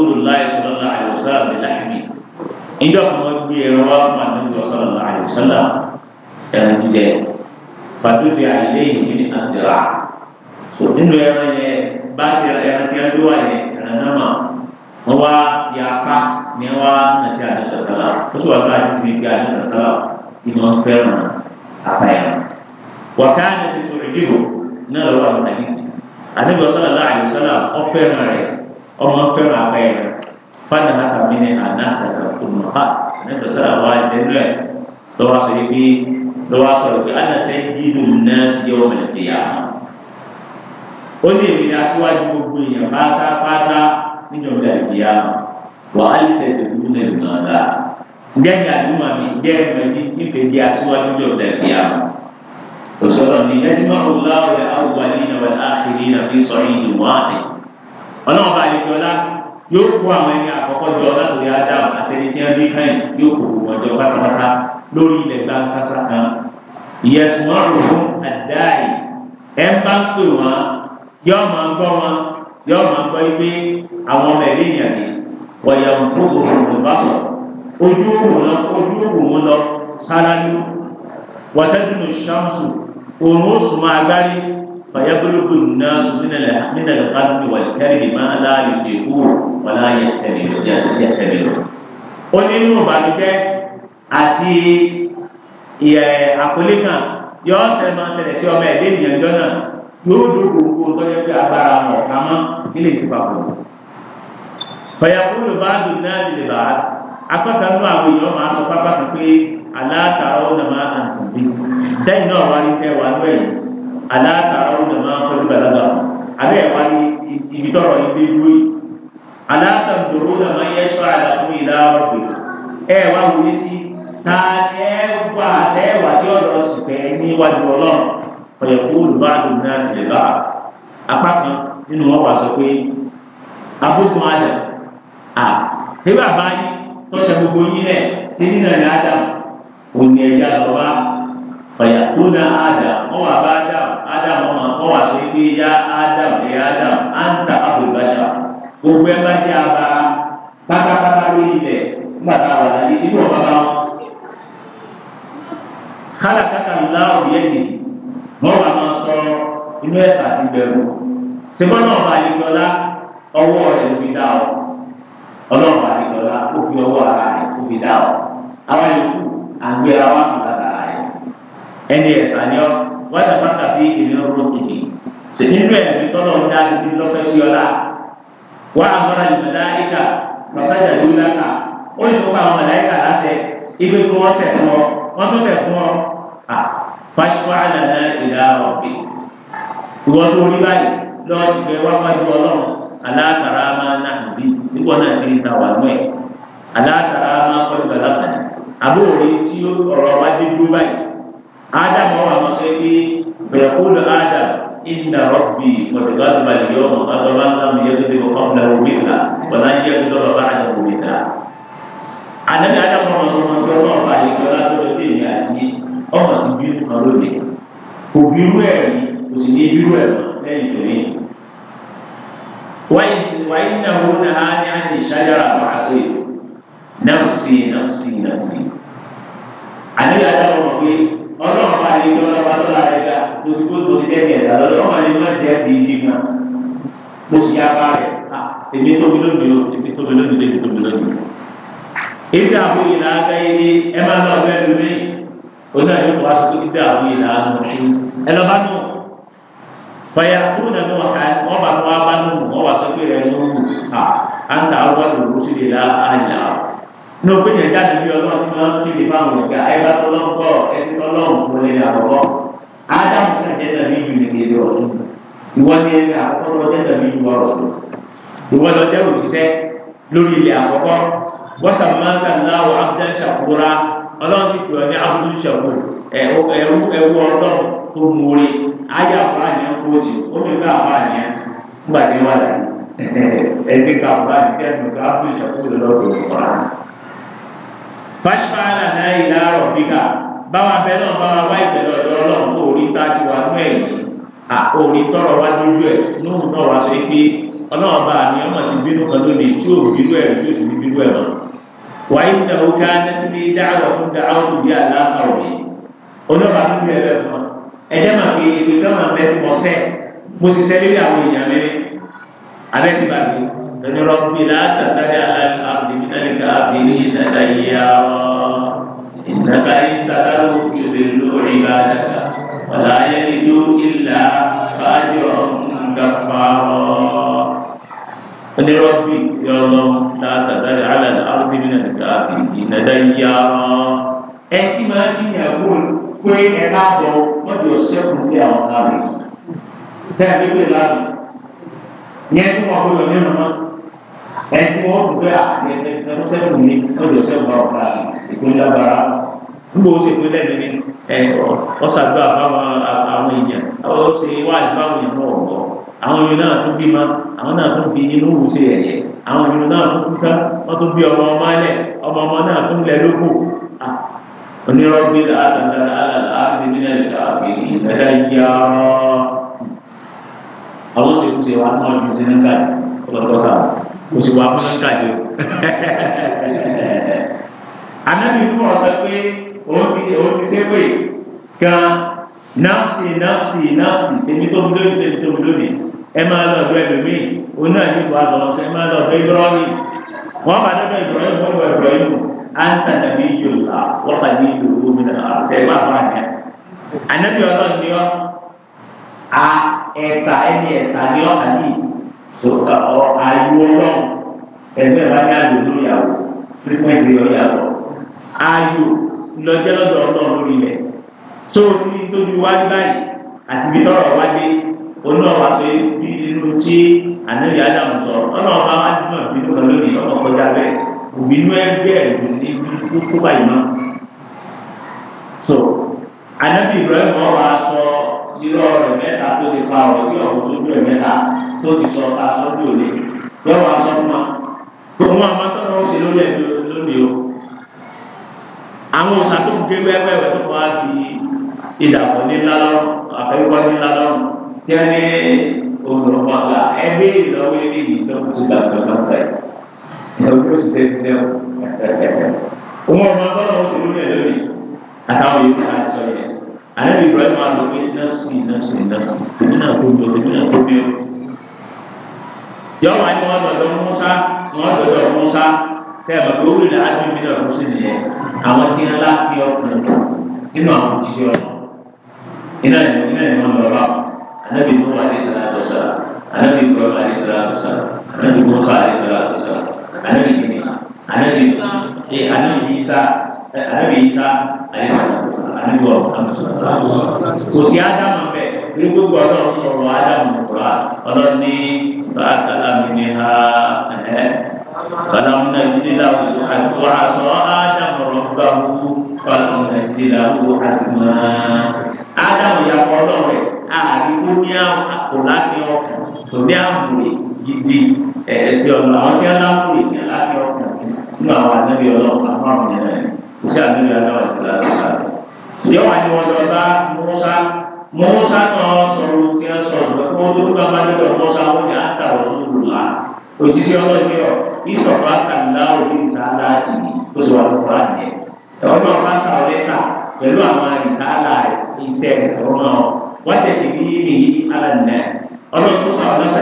Speaker 1: Rasulullah yẹ́tìmọ́ ọ̀làwọ̀ rẹ̀ àwùwà nínú wà láàkiri rẹ̀ fi sọ yìí ní wọ́n àdé. ọlọ́run bá yẹ jọlá yóò kó àwọn ẹni àkọ́kọ́ jọ látòrí ádámù àtẹni tí wọ́n bí káyìn yóò kó wọn jọ pátápátá lórí ilẹ̀ gbansasa kan. ìyẹ̀sùmọ́ ọ̀rùn àdáì ẹ̀ ń bá pè wọ́n yóò máa gbọ́ wọn yóò máa gbọ́ ibi àwọn ọmọ ẹ̀rí ìyàgbé wọ̀yà òǹfóòfò òǹfóòfò ojú òwò lọ sára ní wàtẹ́dùnú ṣáàmùsù òun sùn máa gbárí fàyàgbélógó iná nínú ẹ̀káàdùn ìwà ìkẹ́rìndì máa láàyè tó ikú wọn láàyè tẹ̀lé jẹ́tẹ̀lé lọ. ó ní inú ìbànújẹ́ àti àkọlé kan yọ ọ̀sẹ̀ máa ṣẹlẹ̀ sí ọmọ ẹ̀dẹ́ ìyànjọ́ náà yóò dúró gbogbo tọ́jú pé agbára mọ̀ ká mọ́ nílé ìtìpá pọ̀. fàyàgbélógó bá dùn náà lè bá akọ́kànnú àwọn èèyàn máa sọ pápá sẹ́yìn náà wá ní tẹ́ wà lóye aláàtàrà ó nà máa kọ́lé balaga abẹ́ wá ní ibi tọrọ yìí dé dúró yìí aláàtàrà dòró nà máa yẹ sọ àlà fún ìlà ọ̀gbìn ẹ wá wọlé sí ta ẹ wà ẹ wà tí ọ̀dọ̀ sì fẹ́ níwájú ọlọ́run ọ̀yẹ̀kú olùbáàdùn náà sì lè bá apá kan nínú wọn wà sọ pé abókun àdà à ṣé bàbá yìí tọ́ṣẹ gbogbo yín rẹ̀ ṣé nínú ẹ̀ ní àdà òní ẹ̀yà lọ́wọ́ fàyàkúnà Adam, wọn wà bá ádàm ádàm wọn wọn wà sí pé yá ádàm ẹ ádàm á ń ta àbùbáṣà gbogbo ẹ bá jẹ abara pátápátá lórí ilẹ̀ nígbà tá a wà láyé sí bí wọn bá bá wọn. kálàkátà ńlá òbí ẹ̀ nìyí wọn wà máa sọ inú ẹ̀sà ti bẹ̀rù ṣùgbọ́n náà bá yẹ lọ́la ọwọ́ rẹ̀ dá ọ ọlọ́run bá yẹ lọ́la ara rẹ̀ ó dá ọ àwọn yòókù àgbẹ̀rẹ̀ wa kò dára ẹni ẹ̀sà ni ọ wọ́n ti fásitì àfi ìlú ọ̀rọ̀ kìkì nínú ẹ̀mí tọ́lọ̀ ń dá ibi lọ́fẹ́ sí ọlá wọ́n àmọ́ra ìmọ̀lá ìkà pàṣẹjà ló lákà ó sì fún àwọn ọ̀là ìkà láṣẹ ibi tí wọ́n tẹ̀ fún ọ wọ́n tún tẹ̀ fún ọ fásiwá àdàdà ìlà ọ̀bì ìwọ́n tó rí báyìí lọ́ọ́ sì fẹ́ wá wájú ọlọ́run aláàtàrà máa ń Adam wà wọ́n sọ pé bẹ̀kúlù Adam inna rabbi kọ̀dùkọ́dù bá lè yọ̀mọ̀ ọ̀dọ́lá náà mi yẹ́dọ́ bí kọ́kọ́ bẹ̀rẹ̀ omi ta wọ́n náà yẹ́ kí lọ́rọ̀ bá a yẹ omi ta. Àdàbí Adam wọ́n sọ wọn pé ọlọ́run bá yẹ kí ọlá tó lè bèèrè àti yé ọmọ ti bí ni kò sì ní irú ẹ̀ mọ́ lẹ́yìn tó ní. Wáyé náà wọ́n náà á ní ọlọ́run bá yẹ kí ọlọ́ba tó la rẹ̀ dá tó ti kó tó ti tẹ́ ní ẹ̀sà lọ́dọ̀ ọmọ ni má jẹ́ bí igi kan mo sì yá bá rẹ̀ èmi tóbi lónìí o èmi tóbi lónìí èmi tóbi lónìí. ìdá àwọn ìlà abẹ́yẹ ni ẹ máa lọ ọbẹ̀ lu mí oní àyè wàá sọ pé ìdá àwọn ìlà àwọn ẹ lọ bá nù. bàyà kúrò nàbẹ wọn ká wọn bá wọn bá nù wọn wà sọ pé ẹ lọ wù à ń ta àwọn ìlú ní o péye jáde bí ọlọ́run ti lọ́n kí lè bá wọn gbà ayé bá tó lọ́n gbọ́ ẹsẹ̀ tó lọ́n kó lè àkọ́kọ́ ádámù náà jẹ́ dàbí ìlú ní kejì ọ̀tún ìwọ ni ẹni àkọ́kọ́ lọ jẹ́ dàbí ìlú ọ̀rọ̀ tó ìwọ lọ jẹ́ òṣìṣẹ́ lórí ilé àkọ́kọ́ bọ́sà mọ́tà láwọ abdul ọlọ́run sì kúrò ní abdul shakur ẹ̀wú ọlọ́run tó mú orí ayé àbáyẹn kóòtù ó ní ká àbáyẹn gbàdéwàlà ẹ̀ẹ́dẹ́gbà àbáyẹn kẹ́ẹ̀dùn ká abdul shakur lọ́dọ̀ fáṣífà àlànà ìlà rọ̀bíkà báwa bẹ́ẹ̀ náà báwa wá ìbẹ̀rẹ̀ ọ̀dọ́ ọlọ́run kó orí tá a ti wà nú ẹ̀yìn orí tọrọ wá lójú ẹ̀ lóhùn náà wá sọ pé ọlọ́run bá àmì ọmọ ti bínú kan lónìí tí ò bínú ẹ̀ tí ò sì bínú ẹ̀ lọ. wàyí ní ọ̀hún ká ní dáhùn fún dáhùn tó bí àlá àrùn yìí olóòbá tó bí ẹ̀rẹ̀ fún ọ ẹjẹ máa fi ètò ìjọba mẹsì mọsẹ mo sì sẹ lórí àwọn èèyàn mi abẹ ti bàbí ẹni rọ́bì látàkàdé àbìmítàlì káàbìrì ìdàdà yíyá ìdàkà ìdàkà lóòkè lórí ìbàdàkà wàlá ayẹyẹ yóò ìlà fàájọ ńgàfàrọ. ẹni rọ́bì yọlọ látàkàdé àlàlẹ àbìmítàlì káàbìrì ìdàdà yíyá ẹ ti máa ti yàn kó pé ẹ bá bọ wọn jọ sẹkùn bí àwọn káàbìrì tẹ ẹ bí pé láàbì yẹn tí wọn kó lọ nínú náà ẹtí wọn kò fẹ́ ẹ̀rọ sẹ́wọ̀n ní ọjọ́ sẹ́wọ̀n náà ọ̀la ìpínlẹ̀ abara níbo ó ṣe pé lẹ́nu ní ọ̀sàgbà àwọn èèyàn ó ṣe wáàsí báwọn èèyàn náà ọ̀gbọ́ àwọn èèyàn náà tún bímọ àwọn náà tún bí inú wù sí ẹ̀yẹ àwọn èèyàn náà tún kúta wọ́n tún bí ọmọ ọmọ alẹ̀ ọmọ ọmọ náà tún lẹ lóko onírọ́gbé àwọn ṣèkúṣe wa náà ju sínú káyọ̀ lọ́tọ́ sáà kò sì wà mọ́ṣíkà ni o. Anábì ń bọ̀ sọ pé òun ti òun ti ṣe pé kan náfsì náfsì náfsì èmi tó ń lóyún èmi tó ń lóyún ẹ máa lọ ọ̀dọ̀ ẹlòmíì òun náà ní ìwà àgbọ̀n ọ̀sẹ̀ ẹ máa lọ ọ̀dọ̀ ìgbọ́rọ̀mì wọ́n bá dọ́dọ̀ ìgbọ́rọ̀mì wọ́n bọ̀ ìgbọ́rọ̀mì àǹtà nàbí ìjòlá wọ́n bá ní ìlú omi náà àtẹ̀ wà fún àná. Anábì ọlọ́run ni ọ́ a ẹ̀sà ẹni ẹ̀sà ni ọ́ àlè sọ̀kà ọ ayé ọlọ́run ẹgbẹ́ bá ní àjò lórí àwọ̀ fíríkwẹ́ǹtì ọ̀yà lọ. ayò lọ́jọ́ lọ́dọ̀ ọlọ́run lórí ilẹ̀ tó o ti tóbi wájú báyìí àti ibi tọrọ wájú oníwàwà pé bí inú tí ànáyà adamu sọ̀rọ̀ ọlọ́run bá wá nínú ìbínú kan lónìí ọmọ kọjá bẹ́ẹ̀ òbínú ẹgbẹ́ ẹ̀dùn ní ibi tó báyìí náà. so ànábì Ibrahim ọ̀rọ̀ aṣọ irú ọ̀rọ̀ mẹ́ta tó ti pa ọ̀rọ̀ tí ọ̀rọ̀ tó dúró mẹ́ta tó ti sọ ta lọ́dún òní lọ́wọ́ aṣọ fún wa gbogbo àwọn atọ́nà ó sì lórí ẹ̀dọ́ lónìí o àwọn òṣà tó ń gé wẹ́wẹ́wẹ́ tó wá di ìdàpọ̀ nílá lọ́rùn àfẹ́kọ́ nílá lọ́rùn tí a ní olùrànwọ́ àgbà ẹgbẹ́ ìlọ́wọ́ ilé yìí tó kù sí àyẹ̀bí ibrahim àlọ́ pé nọ́ọ̀sì nọ́ọ̀sì nọ́ọ̀sì èmi náà kó jọ èmi náà kó bẹ́ẹ̀. yọ̀wọ̀ àti wọn dọ̀dọ̀ musa wọn dọ̀dọ̀ musa sẹ́ẹ̀bà pé orí rẹ̀ àti ìbílẹ̀ ọ̀hún sì nìyẹn àwọn tí ń lá fi ọkàn jù nínú àwọn òṣìṣẹ́ ọ̀nà iná ìlú iná ìlú wọn lọ́wọ́ ànábì mú àdéṣàlá àtọ̀sà ànábì kọ́ àdéṣàlá àtọ̀sà ànábì mú sọ àdéṣàlá àtọ̀sà ànábì kìnnìkan ànábì ànábì yìí sá àbí isa àdìgbò àmùsùlùmù kò sí ádámù bẹ ní gbogbo ọlọ́run sọ̀rọ̀ ádámù kura ọlọ́run ní bàtàlà mi ní ha ẹ̀ bàtàlà mi náà jíde láwù àti wà á sọ ádámù rọ̀gbà wù bàtàlà mi náà jíde láwù àsìmọ́ ádámù yà kọ́ ọlọ́run rẹ̀ àdìgbò ní àkùnlá ní ọkàn tó ní àmúre gidi ẹ̀ẹ́sì ọ̀nà àwọn tí wọ́n láwùrè ní aláàbí ọkàn nínú àwọn àdébí ọlọ́run àwọn àmì ẹ̀rẹ́ iṣẹ́ àdúgbò aláwọ̀ ìtura ìtura. Ìyá wa ni wọ́n lọ bá Mọ́sá Mọ́sá náà sọ̀rọ̀ tí wọ́n sọ̀rọ̀ pé wọ́n tó bá bá lọ́dọ̀ Mọ́sá wọ́n ní àtàwọn olùkù là. Òjijì ọlọ́ọ̀ni ọ̀ ìsọ̀rọ̀ àtàlá òní ìsáàlá àti tó sọ àlùkò àdé. Ẹ̀wọ́n náà bá sà ọ̀lẹ́sà pẹ̀lú àwọn ìsáàlá iṣẹ́ ẹ̀rọ náà wọ́n tẹ̀lé ní ìrìn alànà ọlọ́run tó sọ ọ̀lẹ́sà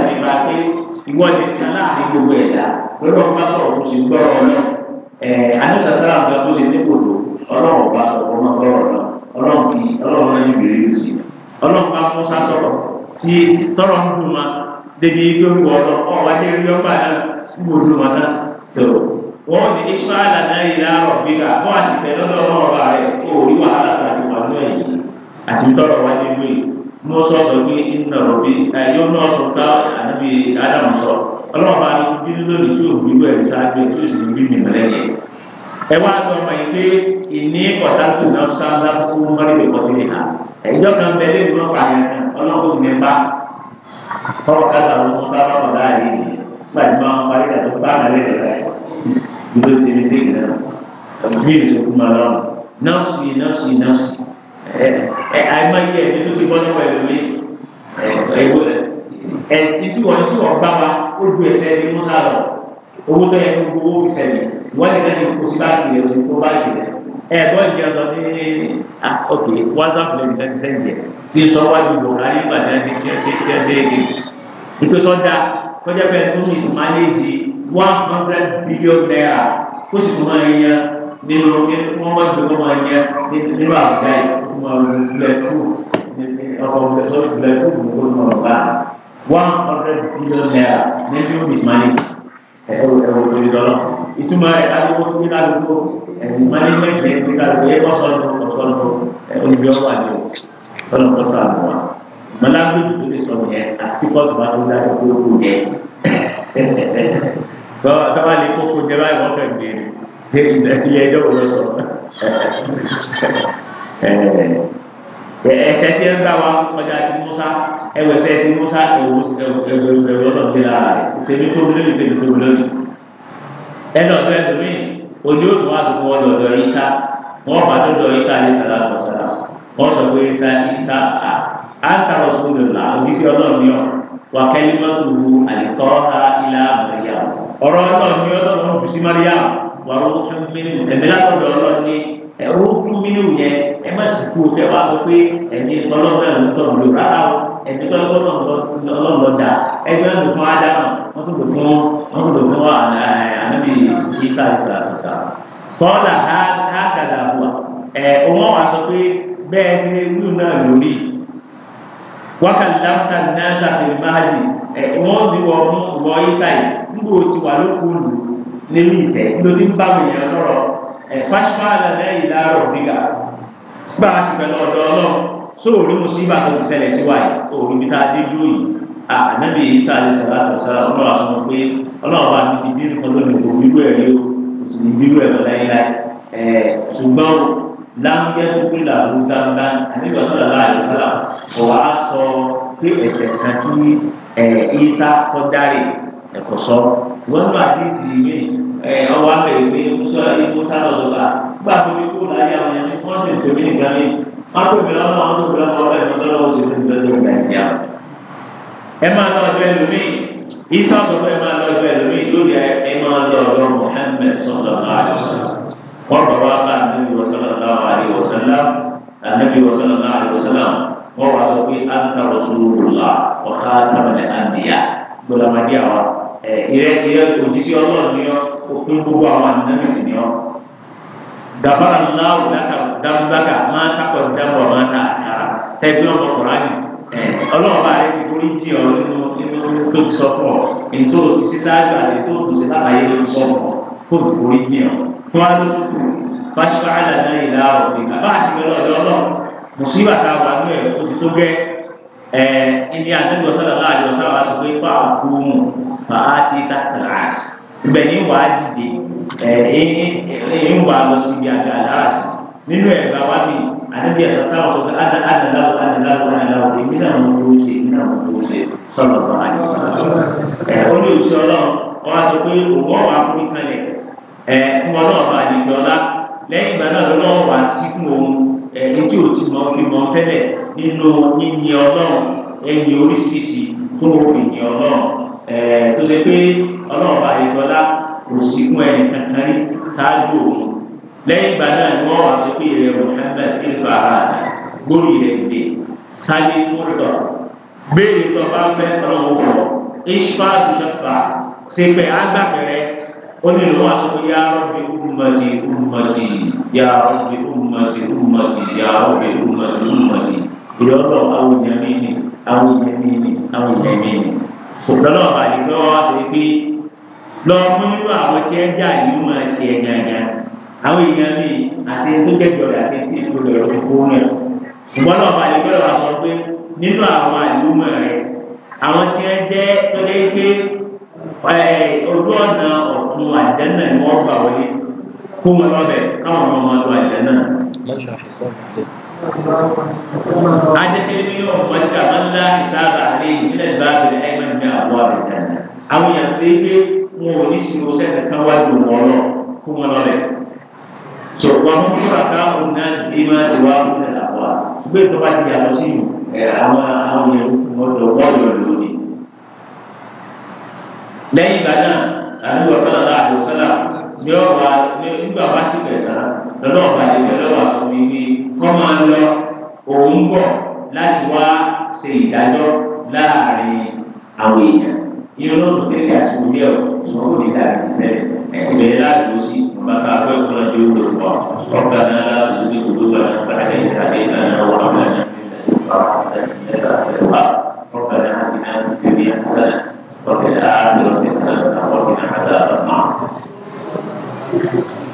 Speaker 1: anúta sára àgbà tó ṣe ní kòtò ọlọ́run ọba sọ̀rọ̀ ọmọ ọlọ́run náà ọlọ́run fi ọlọ́run náà yóò bèrè lùsì ọlọ́run bá fún sásọ̀rọ̀ tí tọrọ ń dùn ma débi pé wọ ọlọ́run wá dé rí ọgbà náà wò dùn ma náà tó wọ́n ní ìṣúná àdáná ìlà ọ̀rọ̀ bí ká wọ́n àti tẹ̀ lọ́dọ̀ ọlọ́run ọba rẹ̀ kí òrí wàhálà tàbí wà lóyè àti tọrọ wá dé wí mo sọ sọ pé bí ẹ̀yọ́ náà sọ ọlọ́run bá ti bínú lónìí tí òbí lọ ẹ̀ ṣáájú tí ó sì ń bí nìyẹn lẹ́yìn. ẹ wá lọ ọmọ yìí pé ìní ọ̀tá tó náà sáńdá fún mọ́lẹ́bí kọ́tí ni ha ẹ̀jọ́ kan bẹ lé ìlú ọ̀pá yẹn ọlọ́run sì ní bá ọ̀rọ̀ kásá ló mú sábà ọ̀dà yìí gbàdúrà máa ń parí ìdájọ́ bá àlẹ́ rẹ̀ rẹ̀ ìlú ti ní sí ìlú bí ìṣòkú máa lọ nọ́ọ̀sì nọ́ọ̀sì nọ́ọ̀sì ẹ̀ ẹ̀ àìmọye ẹ̀mí tó ti bọ́ nípa ìlú mi ẹ̀ ẹ̀ ẹ̀sìn tí wọ́n tí wọ́n bá wa ó ju ẹsẹ̀ ní musa lọ owó tó yẹ kó gbowó fi sẹ́yìn wọ́n lè lẹ́yìn kó sí báàgì rẹ̀ oṣù kó báàgì rẹ̀ ẹ̀gbọ́n ìjẹ́ sọ ní ok whatsapp lè nìkan ti sẹ́yìn jẹ́ tí sọ wájú lò láyé ìgbàdá ní kíákíákíákí ìpè sọ́dà kọjá pé tó ní ìsìmáléèjì one hundred billion naira ó sì tún máa ń yan nínú wọ́n máa gbé wọ́n máa yan nínú àbúdá yìí wọ́n máa lò lẹ́kùn ọkọ̀ lẹ́kùn lẹ́kùn ló ń one hundred billion naira million is money ẹ̀rọ ẹ̀rọ òbí lọ́lọ́ ìtumọ̀ ẹ̀ adúgbò tó ní adúgbò ẹ̀rọ management ẹ̀ ní adúgbò ẹ̀ wọ́n sọ̀rọ̀ kọ̀ sọ̀rọ̀ olùbí ọkọ̀ àjọ sọ̀rọ̀ kọ̀ sọ̀rọ̀ wọn mọ̀lágbé tó lè sọ̀rọ̀ yẹn àti kọ́ọ̀tù bá tó dájú tó kù yẹn tọ́ba lè kókó jẹ báyìí wọ́n fẹ́ béèrè ilé ẹjọ́ wo lọ sọ ẹ̀ẹ́dẹ́gbẹ̀ẹ́ ẹ̀ẹ́dẹ́gbẹ̀ẹ́ bá wa kọjá ti ẹwẹsẹ ti musa ẹwọ ẹwọ ẹwọ lọdọdẹ la tèmi tó lórí tèmi tó lórí ẹlọdọ ẹdùnmí òní òtún wà tó wọn lọ́dọ̀ isa wọn bá tó lọ isa ní sàlá lọsàlá wọn sọ pé isa isa a àtàwọn sọgbọn lọlá òbísí Ọlọ́run yọ wà kẹlí mọtò wu àlìkọ ha ilà Maria ọ̀rọ̀ Ọlọ́run yọ Ọlọ́run òbísí Maria wà lọ fún mi ẹmí látọ̀dọ̀ Ọlọ́run ẹ̀rọ kú mílíọ̀nù yẹn ẹ má sì kú tẹ wá sọ pé ẹ̀mí ọlọ́run náà ló tọ̀ lò rárá o ẹ̀mí ọlọ́run lọ da ẹgbẹ́ ló fún ádámà wọ́n tó lò fún wọ́n tó lò fún ànábì isa isa isa kọ́lá hákàdà wà ẹ̀ wọ́n wá sọ pé bẹ́ẹ̀ ṣe wíwù náà lórí wákàtí láfíà náà ṣàfihàn máàlì ẹ̀ wọ́n ti wọ ọmọ ìwọ isa yìí nígbà tí wà lóko lù nínú ìtẹ́ ló ti ń bá mi yàn lọ́rọ̀ ẹ̀fáṣfà àlàlẹ́ ìlàrọ̀ nígbà sípà àti pẹ̀lú ọ̀dọ̀ ọlọ́run tó orí mo sí ibà tó ti ṣẹlẹ̀ sí wáyé orí mi tá dé dúró yìí ànábì isa alẹ́ sọ̀rọ̀ àtọ̀sára ọlọ́run àwọn ọmọ pé ọlọ́run bá mi ti bínú kan lónìí kò wíwú ẹ̀ rí o kò sì ní bírú ẹ̀ láéláé ẹ̀ ṣùgbọ́n láńgbẹ́ tó pé làwọn gbangba isa kọ́ dárè ẹ̀kọ́ sọ ọwọ́ abẹ́rẹ́ pé musola yìí kó sábà sọ̀tà gbà tó fi kó láyé àwọn yẹn ní wọ́n sì ń tẹ̀lé nìkan ní wọ́n tó fi lọ́wọ́ wọn tó fi lọ́wọ́ ọ̀rẹ́ tó tọ́lọ́ oṣù tó fi lọ́wọ́ nàìjíríà. ẹ máa lọ ọjọ́ ẹlòmí isa sọ̀tọ̀ ẹ máa lọ ọjọ́ ẹlòmí lórí ẹ máa lọ ọjọ́ Muhammad sọ̀tọ̀ wọ́n bọ̀ wá bá ànábì sallallahu alaihi wasallam ànábì sallallahu alaihi wasallam wọ́n wá sọ pé anta rasulullah wa khataman anbiya gbọ́dọ̀ máa dí àwọn ìrẹ́ ìrẹ́ òjísé ọlọ́run yọ òpin gbogbo àwọn ànábì sì ni ọ. dàbára ńlá òdàkà dáńdáka máa takọ̀ dábọ̀ máa ta àṣàrà tẹ́gbẹ́ ọmọ kùránì ọlọ́run bá rẹ ti torí jí ọ nínú nínú tó ti sọ fún ọ èyí tó ti sí sáájú àti tó tó ti lábàáyé ló ti sọ fún ọ kó ti torí jí ọ fún wa ló kù fásitì àdàdà ìlà òbí bàbá àti bẹ́ẹ̀ lọ́dọ̀ ọlọ́run mùsùlùmí àtàwọn àánú ẹ̀ ó ti tó gẹ́ ẹ̀ ilé àdúgbò gbẹ̀yìn wà á dìde ẹ̀yìn wà á lọ sí ibi àgbà aláàsì nínú ẹ̀gbà wa mi àdébí ẹ̀sọ́ sáwọn tó fẹ́ àdàláwò àdàláwò àdàláwò èmi náà mo tó ṣe èmi náà mo tó ṣe sọ̀rọ̀ kan àyè ẹ̀ ó ní oṣù ọlọ́run wọ́n á sọ pé òwò àwọn akúrin kalẹ̀ ẹ̀ ń náà bá àdìgbò ọlá lẹ́yìn ìgbà náà lọ́wọ́ wà síkú ohun ẹni tí ò ti mọ fi mọ tẹ́lẹ̀ nínú yíyan ọlọ́run ẹ̀yìn oríṣiríṣi tó ń fi tó ṣe pé ọlọ́run bá yẹ tọ́lá kò sí fún ẹnì kankan rí ṣáájú òun lẹ́yìn ìgbà náà ni wọ́n wà ṣe pé ìrẹ̀ Muhammad ìlú àhàṣà gbórí rẹ̀ dìde sáré kúrò gbére tó bá fẹ́ ọlọ́run wọ̀ ìṣúná àtúnṣe sèpè agbáfẹ̀rẹ̀ onílù wa sọ ya rọ́bì ummati ummati ya rọ́bì ummati ummati ya rọ́bì ummati ummati ìyọ́lọ́ àwọn ènìyàn mi ni àwọn ènìyàn mi ni àwọn ènìyàn mi ni ṣùgbọ́n ọ̀bà ní pé wọ́n ṣe pé lọ fún nínú àwọn tí ẹ jà yìí máa ṣe ẹ̀ gàgà àwọn èèyàn mi àti tó jẹ́jọ́ rẹ̀ àti tí èso rẹ̀ rẹ̀ fún rẹ̀ ṣùgbọ́n ọ̀bà ní pé wọ́n sọ pé nínú àwọn àlùmọ̀ rẹ̀ àwọn tí ẹ jẹ́ tó lé pé ojú ọ̀nà ọ̀tún àjẹ́nà ni wọ́n gbà wọlé kó wọn lọ́bẹ̀ káwọn ọmọ ọmọ ọdún àjẹ́nà
Speaker 2: adẹ́sẹ̀
Speaker 1: ní yóò wọ́n ti àwọn ńlá ìsáàbà àlẹ́ ìbílẹ̀ ìbáàbẹ̀ ẹgbẹ́ ìgbà àwọn àbẹ̀dẹ̀ àwọn èèyàn tó yẹ pé wọn ò ní sinmi oṣù kankan wá ju wọn lọ kó wọn lọ rẹ̀ tó wọn mú sọ àká òun náà ti di máa ṣe wá fún ẹ̀ làwọn wa gbé tó bá ti yàtọ̀ sí àwọn àwọn èèyàn mọ̀tò wọ́ọ̀lù lónìí. lẹ́yìn ìgbà náà àdúgbò sọ́lá àdúgbò sọ́lá ní ọ̀wà wá sí bẹ̀rẹ̀ náà lọ́nà ọ̀bàdàn lọ́wọ́ àkọ́bí bíi kọ́ máa lọ òun bọ̀ láti wá ṣe ìdájọ́ láàrin àwọn èèyàn ìyẹn ló tún kéde àti omi ẹ̀ ṣùgbọ́n kò ní dàbí tẹ́lẹ̀ ìbẹ̀rẹ̀ láti lọ sí bàbá akẹ́kọ̀ọ́ náà yóò lò pọ̀ ọ̀gá náà láti ní gbogbo gbà náà bàtà ìtàgé náà wà á bẹ̀rẹ̀ náà ربنا آتنا في الدنيا حسنة وفي الآخرة حسنة وقنا عذاب النار